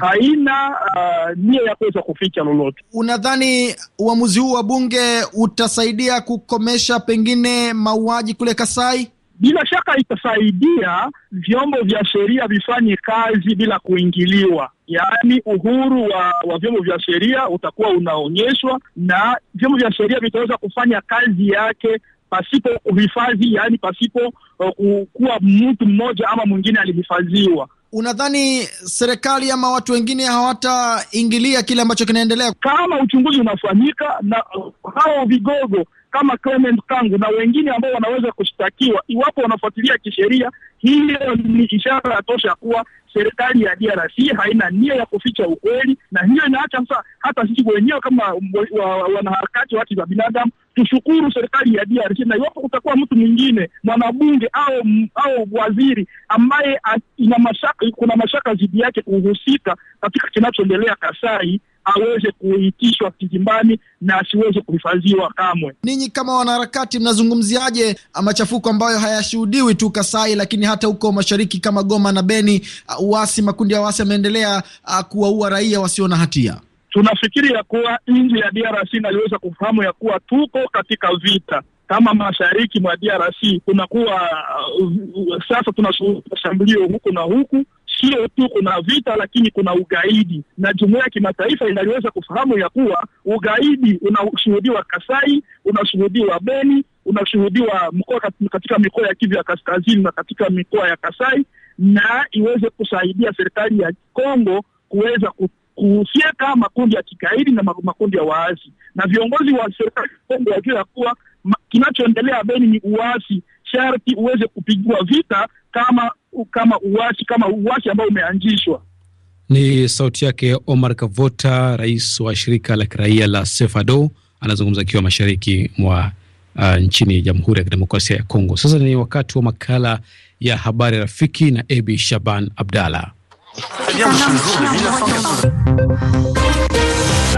haina uh, nia ya kuweza kuficha lolote. Unadhani uamuzi huu wa bunge utasaidia kukomesha pengine mauaji kule Kasai? Bila shaka itasaidia vyombo vya sheria vifanye kazi bila kuingiliwa. Yaani, uhuru wa, wa vyombo vya sheria utakuwa unaonyeshwa na vyombo vya sheria vitaweza kufanya kazi yake pasipo uhifadhi, yaani pasipo uh, kuwa mtu mmoja ama mwingine alihifadhiwa. Unadhani serikali ama watu wengine hawataingilia kile ambacho kinaendelea kama uchunguzi unafanyika na uh, hao vigogo kama Clement Kangu na wengine ambao wanaweza kushtakiwa, iwapo wanafuatilia kisheria, hiyo ni ishara ya tosha kuwa serikali ya DRC haina nia ya kuficha ukweli, na hiyo inaacha sasa hata sisi wenyewe kama wanaharakati wa haki za binadamu tushukuru serikali ya DRC, na iwapo kutakuwa mtu mwingine mwanabunge au au waziri ambaye ina mashaka, kuna mashaka dhidi yake kuhusika katika kinachoendelea Kasai aweze kuitishwa kizimbani na asiweze kuhifadhiwa kamwe. Ninyi kama wanaharakati, mnazungumziaje ah, machafuko ambayo hayashuhudiwi tu Kasai, lakini hata huko mashariki kama Goma na Beni, ah, uasi, makundi ya uasi yameendelea ah, kuwaua raia wasio na hatia? Tunafikiri ya kuwa nje ya DRC inaliweza kufahamu ya kuwa tuko katika vita kama mashariki mwa DRC kunakuwa uh, sasa tunashuhudia shambulio huku na huku sio tu kuna vita, lakini kuna ugaidi, na jumuiya ya kimataifa inaliweza kufahamu ya kuwa ugaidi unashuhudiwa Kasai, unashuhudiwa Beni, unashuhudiwa mkoa katika mikoa ya Kivu ya kaskazini na katika mikoa ya Kasai, na iweze kusaidia serikali ya Kongo kuweza kufyeka makundi ya kigaidi na makundi ya waasi, na viongozi wa serikali ya Kongo wajua ya kuwa kinachoendelea Beni ni uasi sharti uweze kupigua vita kama kama uwashi kama uwashi ambao umeanzishwa. Ni sauti yake Omar Kavota, rais wa shirika la kiraia la Sefado, anazungumza akiwa mashariki mwa uh, nchini Jamhuri ya Kidemokrasia ya Kongo. Sasa ni wakati wa makala ya habari rafiki na Abi Shaban Abdala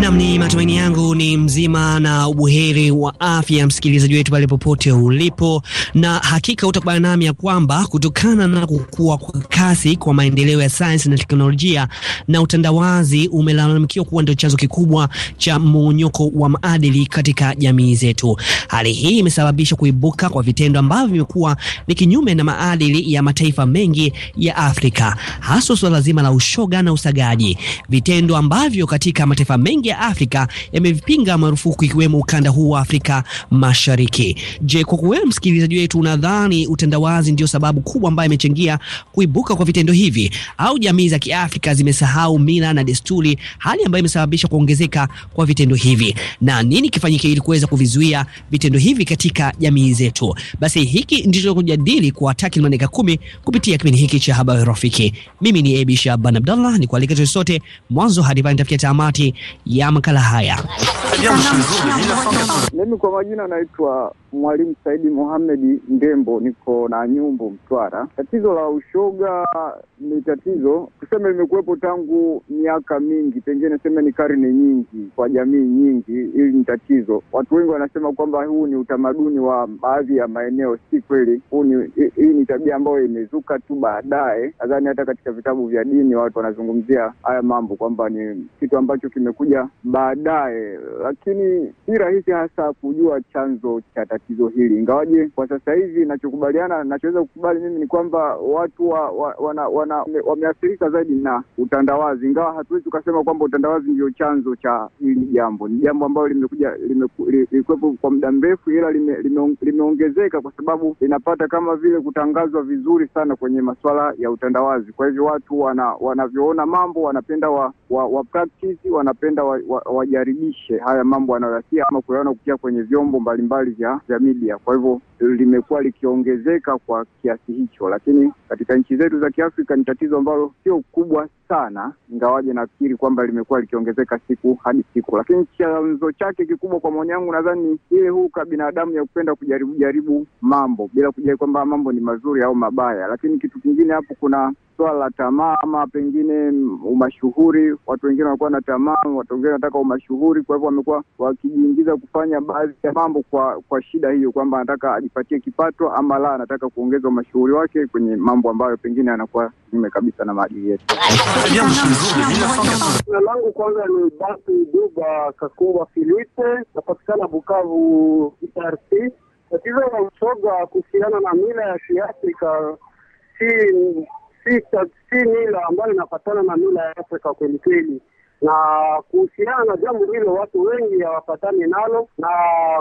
Nam, ni matumaini yangu ni mzima na ubuheri wa afya, msikilizaji wetu pale popote ulipo, na hakika utakubana nami ya kwamba kutokana na kukua kwa kasi kwa maendeleo ya sayansi na teknolojia na utandawazi umelalamikiwa kuwa ndio chanzo kikubwa cha mmonyoko wa maadili katika jamii zetu. Hali hii imesababisha kuibuka kwa vitendo ambavyo vimekuwa ni kinyume na maadili ya mataifa mengi ya Afrika, haswa suala zima la ushoga na usagaji, vitendo ambavyo katika mataifa mengi ya Afrika yamevipinga marufuku ikiwemo ukanda huu wa Afrika Mashariki. Je, kwa wewe msikilizaji wetu, unadhani utendawazi ndio sababu kubwa ambayo imechangia kuibuka kwa vitendo hivi, au jamii za Kiafrika zimesahau mila na desturi, hali ambayo imesababisha kuongezeka kwa vitendo hivi, na nini kifanyike ili kuweza kuvizuia vitendo hivi katika jamii zetu? Basi hiki ndicho kujadili kwa takriban dakika kumi kupitia kipindi hiki cha habari rafiki. Mimi ni Abi Shaban Abdallah, ni kualika sote mwanzo hadi pale tafikia tamati ya makala haya. Mimi kwa majina naitwa Mwalimu Saidi muhamedi Ndembo, niko na Nyumbu, Mtwara. Tatizo la ushoga ni tatizo tuseme, imekuwepo tangu miaka mingi, pengine seme ni karne nyingi, kwa jamii nyingi. Hili ni tatizo. Watu wengi wanasema kwamba huu ni utamaduni wa baadhi ya maeneo. Si kweli, ni hii ni tabia ambayo imezuka tu baadaye. Nadhani hata katika vitabu vya dini watu wanazungumzia haya mambo kwamba ni kitu ambacho kimekuja baadaye, lakini si rahisi hasa kujua chanzo cha tatizo hili, ingawaje kwa sasa hivi nachokubaliana, nachoweza kukubali mimi ni kwamba watu wa, wa, wana, wana wana, wameathirika zaidi na utandawazi, ingawa hatuwezi tukasema kwamba utandawazi ndio chanzo cha hili jambo. Ni jambo ambalo limekuja lilikuwepo kwa muda mrefu, ila limeongezeka lime, kwa sababu linapata kama vile kutangazwa vizuri sana kwenye masuala ya utandawazi. Kwa hivyo watu wana, wanavyoona mambo wanapenda wa, wa, wa practice, wanapenda wajaribishe wa, wa haya mambo wanayoyasikia ama kuyaona kupitia kwenye vyombo mbalimbali vya vya media. Kwa hivyo limekuwa likiongezeka kwa kiasi hicho, lakini katika nchi zetu za Kiafrika ni tatizo ambalo sio kubwa sana, ingawaje nafikiri kwamba limekuwa likiongezeka siku hadi siku. Lakini chanzo chake kikubwa, kwa maoni yangu, nadhani ile huka binadamu ya kupenda kujaribu jaribu mambo bila kujali kwamba mambo ni mazuri au mabaya. Lakini kitu kingine hapo, kuna swala la tamaa ama pengine umashuhuri. Watu wengine wanakuwa na tamaa, watu wengine wanataka umashuhuri, kwa hivyo wamekuwa wakijiingiza kufanya baadhi ya mambo kwa kwa shida hiyo, kwamba anataka ajipatie kipato ama la, anataka kuongeza umashuhuri wake kwenye mambo ambayo pengine anakuwa nyume kabisa na maadili yetu. Jina langu kwanza ni Basi Duba Kakumba Filipe, napatikana Bukavu, DRC. Tatizo la ushoga kuhusiana na mila ya Kiafrika si sita si mila ambayo inapatana na mila ya Afrika kweli kweli na kuhusiana na jambo hilo watu wengi hawapatani nalo, na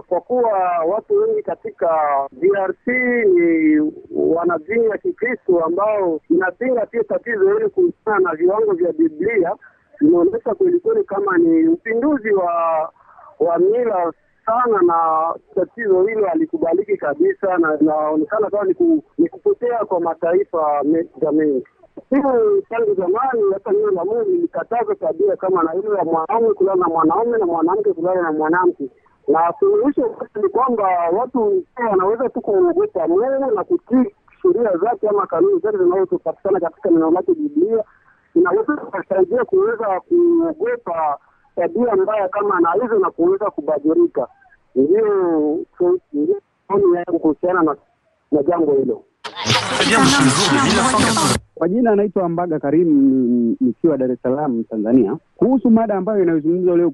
kwa kuwa watu wengi katika DRC ni wanadini ya Kikristo ambao inapinga pia tatizo hili kuhusiana na viwango vya Biblia, inaonyesha kwelikweli kama ni upinduzi wa wa mila sana na tatizo hilo alikubaliki kabisa, na inaonekana kama ni kupotea kwa mataifa mengi. Hiyo tangu zamani, hata neno la Mungu lilikataza tabia kama na ile ya mwanaume kulala na mwanaume na mwanamke kulala na mwanamke na suluhisho ni kwamba watu wanaweza tu kuogopa Mungu na kutii sheria zake ama kanuni zake zinazopatikana katika neno lake Biblia, inaweza kusaidia kuweza kuogopa tabia mbaya kama na hizo na kuweza kubadilika maoni yangu kuhusiana na, na jambo hilo. Kwa jina anaitwa Mbaga Karimu, nikiwa Dar es Salaam, Tanzania, kuhusu mada ambayo inayozungumza leo,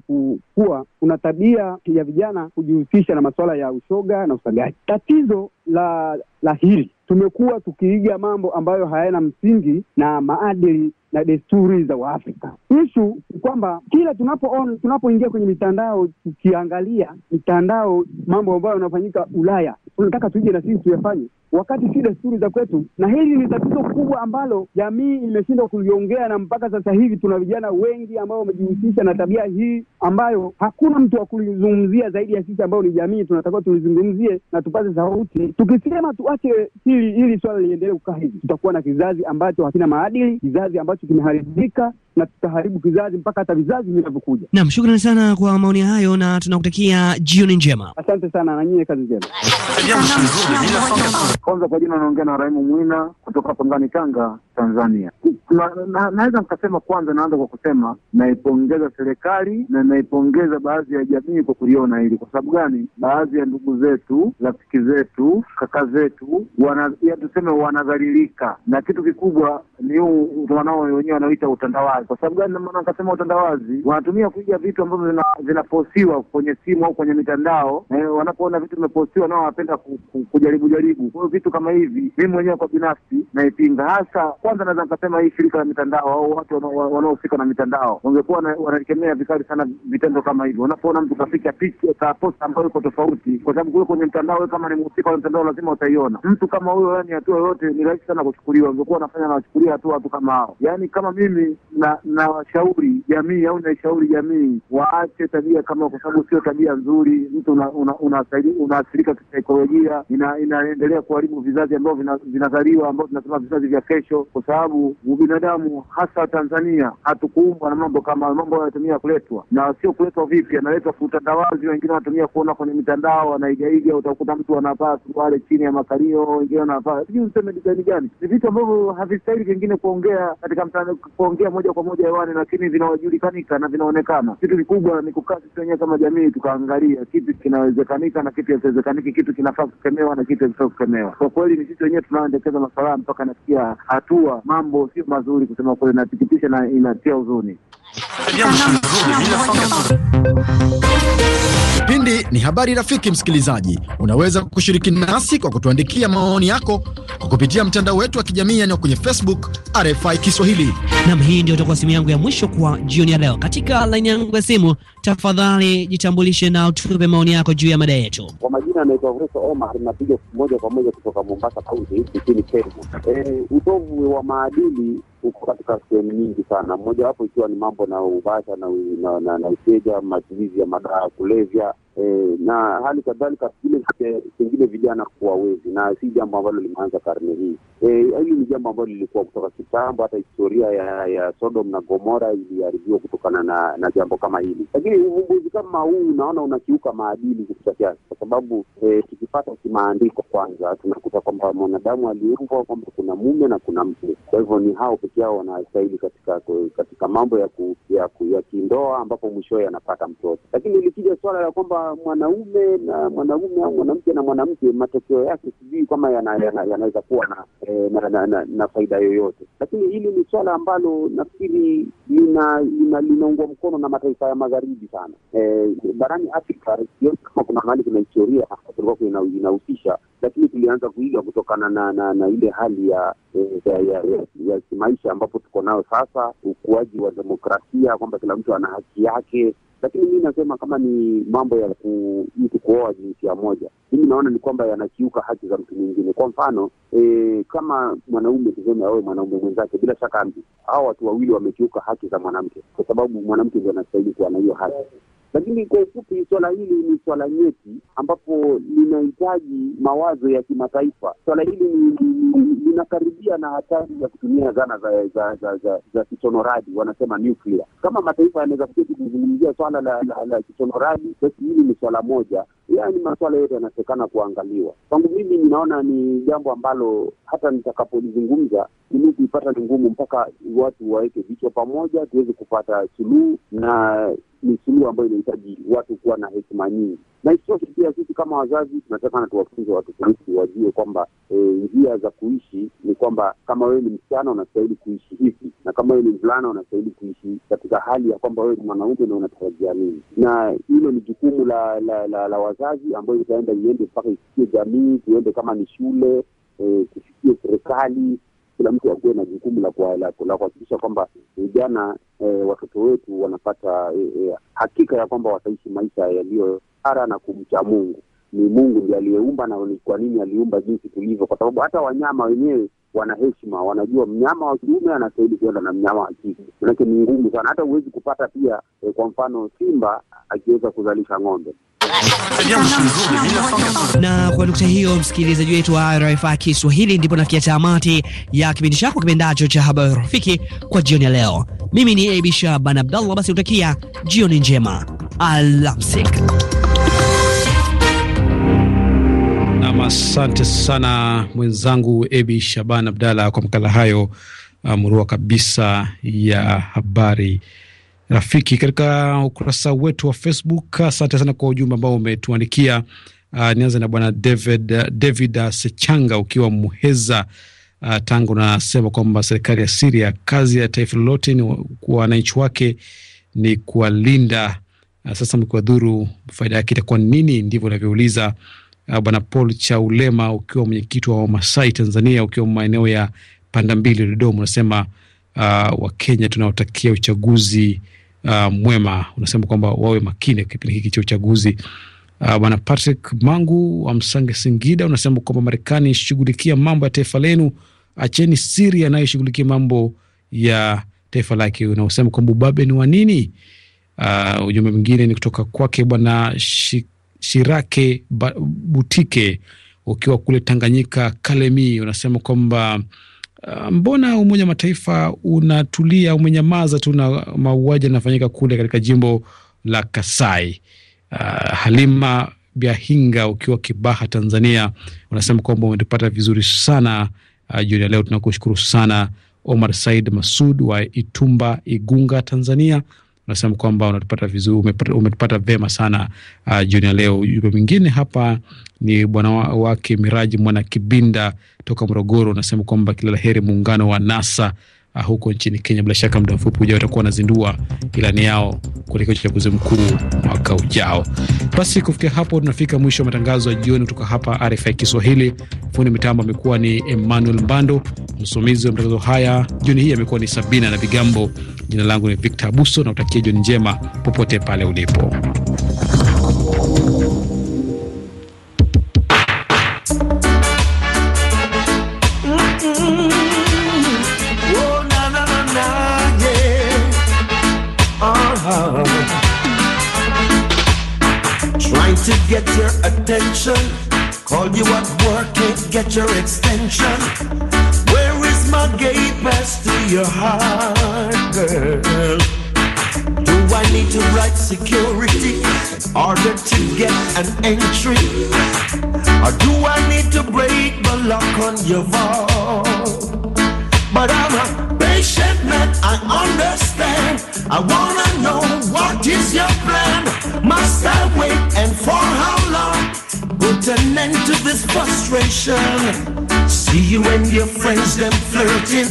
kuwa kuna tabia ya vijana kujihusisha na masuala ya ushoga na usagaji. Tatizo la la hili tumekuwa tukiiga mambo ambayo hayana msingi na maadili na desturi za Waafrika. Ishu ni kwamba kila tunapoona tunapoingia kwenye mitandao, tukiangalia mitandao, mambo ambayo yanafanyika Ulaya, tunataka tuje na sisi tuyafanye, wakati si desturi za kwetu. Na hili ni tatizo kubwa ambalo jamii imeshindwa kuliongea, na mpaka sasa hivi tuna vijana wengi ambao wamejihusisha na tabia hii ambayo hakuna mtu wa kulizungumzia zaidi ya sisi ambao ni jamii, tunatakiwa tulizungumzie na tupate sauti. Tukisema tuache si ili ili swala liendelee kukaa hivi, tutakuwa na kizazi ambacho hakina maadili, kizazi ambacho kimeharibika na tutaharibu kizazi mpaka hata vizazi vinavyokuja. Naam, shukrani sana kwa maoni hayo na tunakutakia jioni njema. Asante sana na nyinyi kazi njema. Kwanza kwa jina naongea na Rahimu Mwina kutoka Pangani, Tanga, Tanzania. Naweza nikasema kwanza, naanza kwa kusema naipongeza serikali na naipongeza baadhi ya jamii kwa kuliona hili. Kwa sababu gani? Baadhi ya ndugu zetu, rafiki zetu, kaka zetu wana wana, tuseme wanadhalilika, na kitu kikubwa ni huu wanao wenyewe wanaoita utandawazi. Kwa sababu gani? Maana akasema utandawazi, wanatumia kuiga vitu ambavyo vinapostiwa kwenye simu au kwenye mitandao eh, wanapoona vitu vimepostiwa nao wanapenda ku, ku, kujaribu jaribu. Kwa hiyo vitu kama hivi, mimi mwenyewe kwa binafsi naipinga. Hasa kwanza, naweza nikasema hii shirika la mitandao au watu wanaohusika na mitandao wangekuwa wanalikemea vikali sana vitendo kama hivyo. wanapoona mtu kafika picha kaposta ambayo iko tofauti, kwa sababu kule kwenye mtandao, kama ni mhusika wa mtandao lazima utaiona mtu kama huyo, yani hatua yoyote ni rahisi sana kuchukuliwa, ungekuwa wanafanya nawachukulia hatua watu kama hao. Yani kama mimi nawashauri na jamii au naishauri jamii waache tabia kama, kwa sababu sio tabia nzuri. Mtu unaathirika kisaikolojia, inaendelea kuharibu vizazi ambavyo vinazaliwa, ambao tunasema vizazi vya kesho, kwa sababu ubinadamu hasa Tanzania hatukuumbwa na mambo kama mambo yanatumia kuletwa na sio kuletwa vipi, analetwa kutandawazi, wengine wanatumia kuona kwenye mitandao, wanaigaiga. Utakuta mtu anavaa suruali chini ya makalio, wengine anavaa, sijui useme dizaini gani. Ni vitu ambavyo havistahili vingine kuongea katika mtandao, kuongea moja kwa moja hewani, lakini vinawajulikanika na vinaonekana. Kitu kikubwa ni kukaa sisi wenyewe kama jamii tukaangalia kitu kinawezekanika na kitu hakiwezekaniki, kitu kinafaa kukemewa na kitu hakifaa kukemewa. Kwa kweli ni sisi wenyewe tunaoendekeza masuala mpaka nafikia hatua, mambo sio mazuri kusema kweli, inasikitisha na inatia huzuni. Kipindi ni habari rafiki. Msikilizaji, unaweza kushiriki nasi kwa kutuandikia maoni yako kwa kupitia mtandao wetu wa kijamii yaani kwenye Facebook RFI Kiswahili. Nam, hii ndio itakuwa simu yangu ya mwisho kwa jioni ya leo. Katika laini yangu ya simu, tafadhali jitambulishe na utupe maoni yako juu ya mada yetu. Kwa majina anaitwa Ruso Omar, napiga moja kwa moja kutoka Mombasa Kaunti nchini Kenya. Eh, utovu wa maadili huko katika sehemu nyingi sana, mmojawapo ikiwa ni mambo na ubasha na, na, na, na uteja, matumizi ya madawa ya kulevya e, na hali kadhalika vile pengine vijana kuwa wezi, na si jambo ambalo limeanza karne hii. Eh, hili ni jambo ambalo lilikuwa kutoka kitambo. Hata historia ya, ya Sodom na Gomora iliharibiwa kutokana na, na jambo kama hili, lakini uvumbuzi kama huu unaona unakiuka maadili kupita kiasi, kwa sababu e, tukipata kimaandiko kwanza tunakuta kwamba mwanadamu aliumbwa kwamba kuna mume na kuna mke. Kwa hivyo ni hao peke yao wanastahili katika katika mambo ya ku, ya, ku, ya kindoa ambapo mwishoe anapata mtoto, lakini ilikija suala la kwamba mwanaume na mwanaume au mwanamke na mwanamke, matokeo yake sijui kama yanaweza yana, yana, yana kuwa na, eh, na, na, na, na faida yoyote, lakini hili ni swala ambalo nafikiri linaungwa lina, lina mkono na mataifa ya magharibi sana. Eh, barani Afrika kama kuna mahali kuna historia kulikuwa inahusisha, lakini tulianza kuiga kutokana na, na, na ile hali ya eh, ya, ya, ya, ya kimaisha ambapo tuko nayo sasa, ukuaji wa demokrasia kwamba kila mtu ana haki yake lakini mii nasema kama ni mambo ya ku, mtu kuoa jinsia moja, mimi naona ni kwamba yanakiuka haki za mtu mwingine. Kwa mfano e, kama mwanaume tuseme awe mwanaume mwenzake, bila shaka hawa watu wawili wamekiuka haki za mwanamke, kwa sababu mwanamke ndio anastahili kuwa na hiyo haki. Lakini kwa ufupi, swala hili ni swala nyeti ambapo linahitaji mawazo ya kimataifa. Swala hili linakaribia na hatari ya kutumia zana za za za, za, za kisonoradi wanasema nuclear. Kama mataifa yanaweza kuketi kuzungumzia swala la, la, la kisonoradi basi hili ni swala moja, yaani maswala yote yanatokana kuangaliwa. Kwangu mimi, ninaona ni jambo ambalo hata nitakapolizungumza suluhu kuipata ni ngumu, mpaka watu waweke vichwa pamoja tuweze kupata suluhu, na ni suluhu ambayo inahitaji watu kuwa na hekima nyingi. Na isitoshe pia sisi kama wazazi tunatakana tuwafunze watu wetu wajue kwamba e, njia za kuishi ni kwamba kama wewe ni msichana unastahili kuishi hivi, na kama wewe ni mvulana unastahili kuishi katika hali ya kwamba wewe ni mwanaume na unatarajia nini, na hilo ni jukumu la, la, la, la wazazi ambayo itaenda iende mpaka ifikie jamii, tuende kama ni shule e, tufikie serikali kila mtu akuwe na jukumu la kuhakikisha kwamba vijana e, watoto wetu wanapata e, e, hakika ya kwamba wataishi maisha yaliyo hara na kumcha Mungu. Ni Mungu ndiye aliyeumba, na ni kwa nini aliumba jinsi tulivyo, kwa sababu hata wanyama wenyewe wana heshima, wanajua mnyama wa kiume anastahili kwenda na mnyama wa kike. Manake ni ngumu sana, hata huwezi kupata pia e, kwa mfano simba akiweza kuzalisha ng'ombe na kwa nukta hiyo, msikilizaji wetu wa RFI Kiswahili, ndipo nafikia tamati ya kipindi chako kipendacho cha habari rafiki kwa jioni ya leo. Mimi ni Abi Shaban Abdallah, basi utakia jioni njema, alamsik. Asante sana mwenzangu abi Shaban abdallah kwa makala hayo uh, murua kabisa ya habari rafiki katika ukurasa wetu wa Facebook. Asante sana kwa ujumbe ambao umetuandikia. Uh, nianze na bwana David, uh, David uh, Sechanga ukiwa Muheza uh, ah, Tanga, unasema kwamba serikali ya Siria, kazi ya taifa lolote ni kwa wananchi wake ni kuwalinda. Uh, sasa mkiwadhuru, faida yake itakuwa nini? Ndivyo unavyouliza. Uh, bwana Paul Chaulema ukiwa mwenyekiti wa Wamasai Tanzania, ukiwa maeneo ya Panda Mbili, Dodoma, unasema uh, Wakenya tunaotakia uchaguzi uh, mwema. Unasema kwamba wawe makini kipindi hiki cha uchaguzi. Uh, bwana Patrick Mangu wa Msange, Singida, unasema kwamba Marekani, shughulikia mambo ya taifa lenu, acheni siri anayoshughulikia mambo ya taifa lake. Unaosema kwamba ubabe ni wa nini? Uh, ujumbe mwingine ni kutoka kwake bwana shi, Shirake ba, Butike ukiwa kule Tanganyika Kalemi, unasema kwamba Ah, mbona Umoja wa Mataifa unatulia, umenyamaza tu na mauaji yanafanyika kule katika jimbo la Kasai? Uh, Halima Biahinga ukiwa Kibaha, Tanzania, unasema kwamba umetupata vizuri sana uh, jioni ya leo. Tunakushukuru sana. Omar Said Masud wa Itumba, Igunga, Tanzania, unasema kwamba unatupata vizuri, umetupata vema sana uh, jioni ya leo. Ujumbe mwingine hapa ni bwana wake Miraji Mwana Kibinda toka Morogoro, unasema kwamba kila la heri muungano wa NASA uh, huko nchini Kenya. Bila shaka muda mfupi ujao watakuwa wanazindua ilani yao kuelekea uchaguzi mkuu mwaka ujao. Basi kufikia hapo, tunafika mwisho wa matangazo ya jioni kutoka hapa RFI Kiswahili. Fundi mitambo amekuwa ni Emmanuel Mbando, msimamizi wa matangazo haya jioni hii amekuwa ni Sabina na Vigambo. Jina langu ni Victor Abuso na utakia jioni njema popote pale ulipo. to get your attention. Call you at work, can't get your extension. Where is my gate pass to your heart, girl? Do I need to write security in order to get an entry? Or do I need to break the lock on your vault? But I'm a patient man, I understand. I wanna know what is your plan? Must I wait and for how long? Put an end to this frustration. See you and your friends them flirting,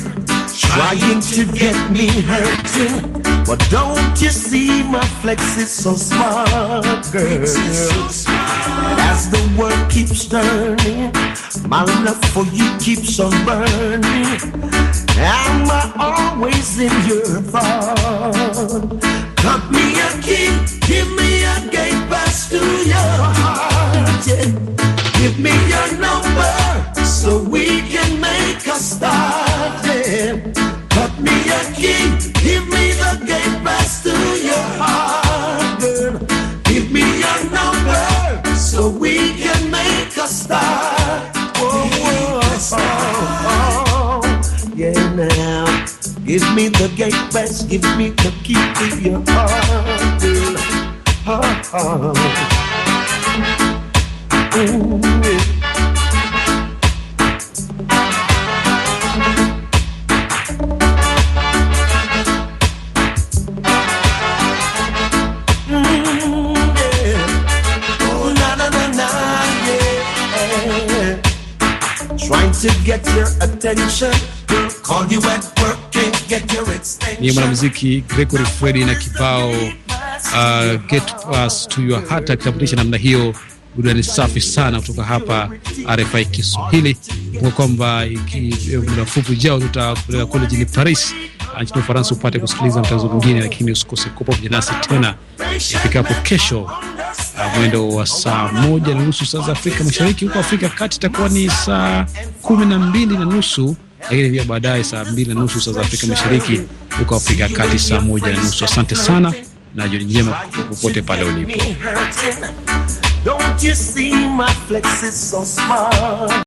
trying to get me hurting. But don't you see my flex is so smart, girl? As the world keeps turning, my love for you keeps on burning. Am I always in your thought? Cut me a key, give me a gate pass to you party. Give me your number so we can make a start. Yeah. Cut me a key, give me the gate pass to your heart. Give me your number so we can make a start. Whoa, Yeah, now. Give me the gate pass, give me the key to your heart. Girl. heart. ni mwanamuziki Gregory Fredi na kibao uh, Get Us To Your Heart, akitafutisha namna hiyo burudani safi sana kutoka hapa RFI Kiswahili. Kumbuka kwamba eh, muda mfupi ujao tutakupeleka kule jini Paris ah, nchini Ufaransa upate kusikiliza mtanzo mwingine, lakini usikose kuwa pamoja nasi tena ifikapo kesho ah, mwendo wa saa moja na nusu saa za Afrika Mashariki. Huko Afrika Kati itakuwa ni saa kumi na mbili na nusu lakini pia baadaye saa mbili na nusu saa za Afrika Mashariki, huko Afrika Kati saa moja na nusu. Asante sana na jioni njema popote pale ulipo. Don't you see my flex is so smart?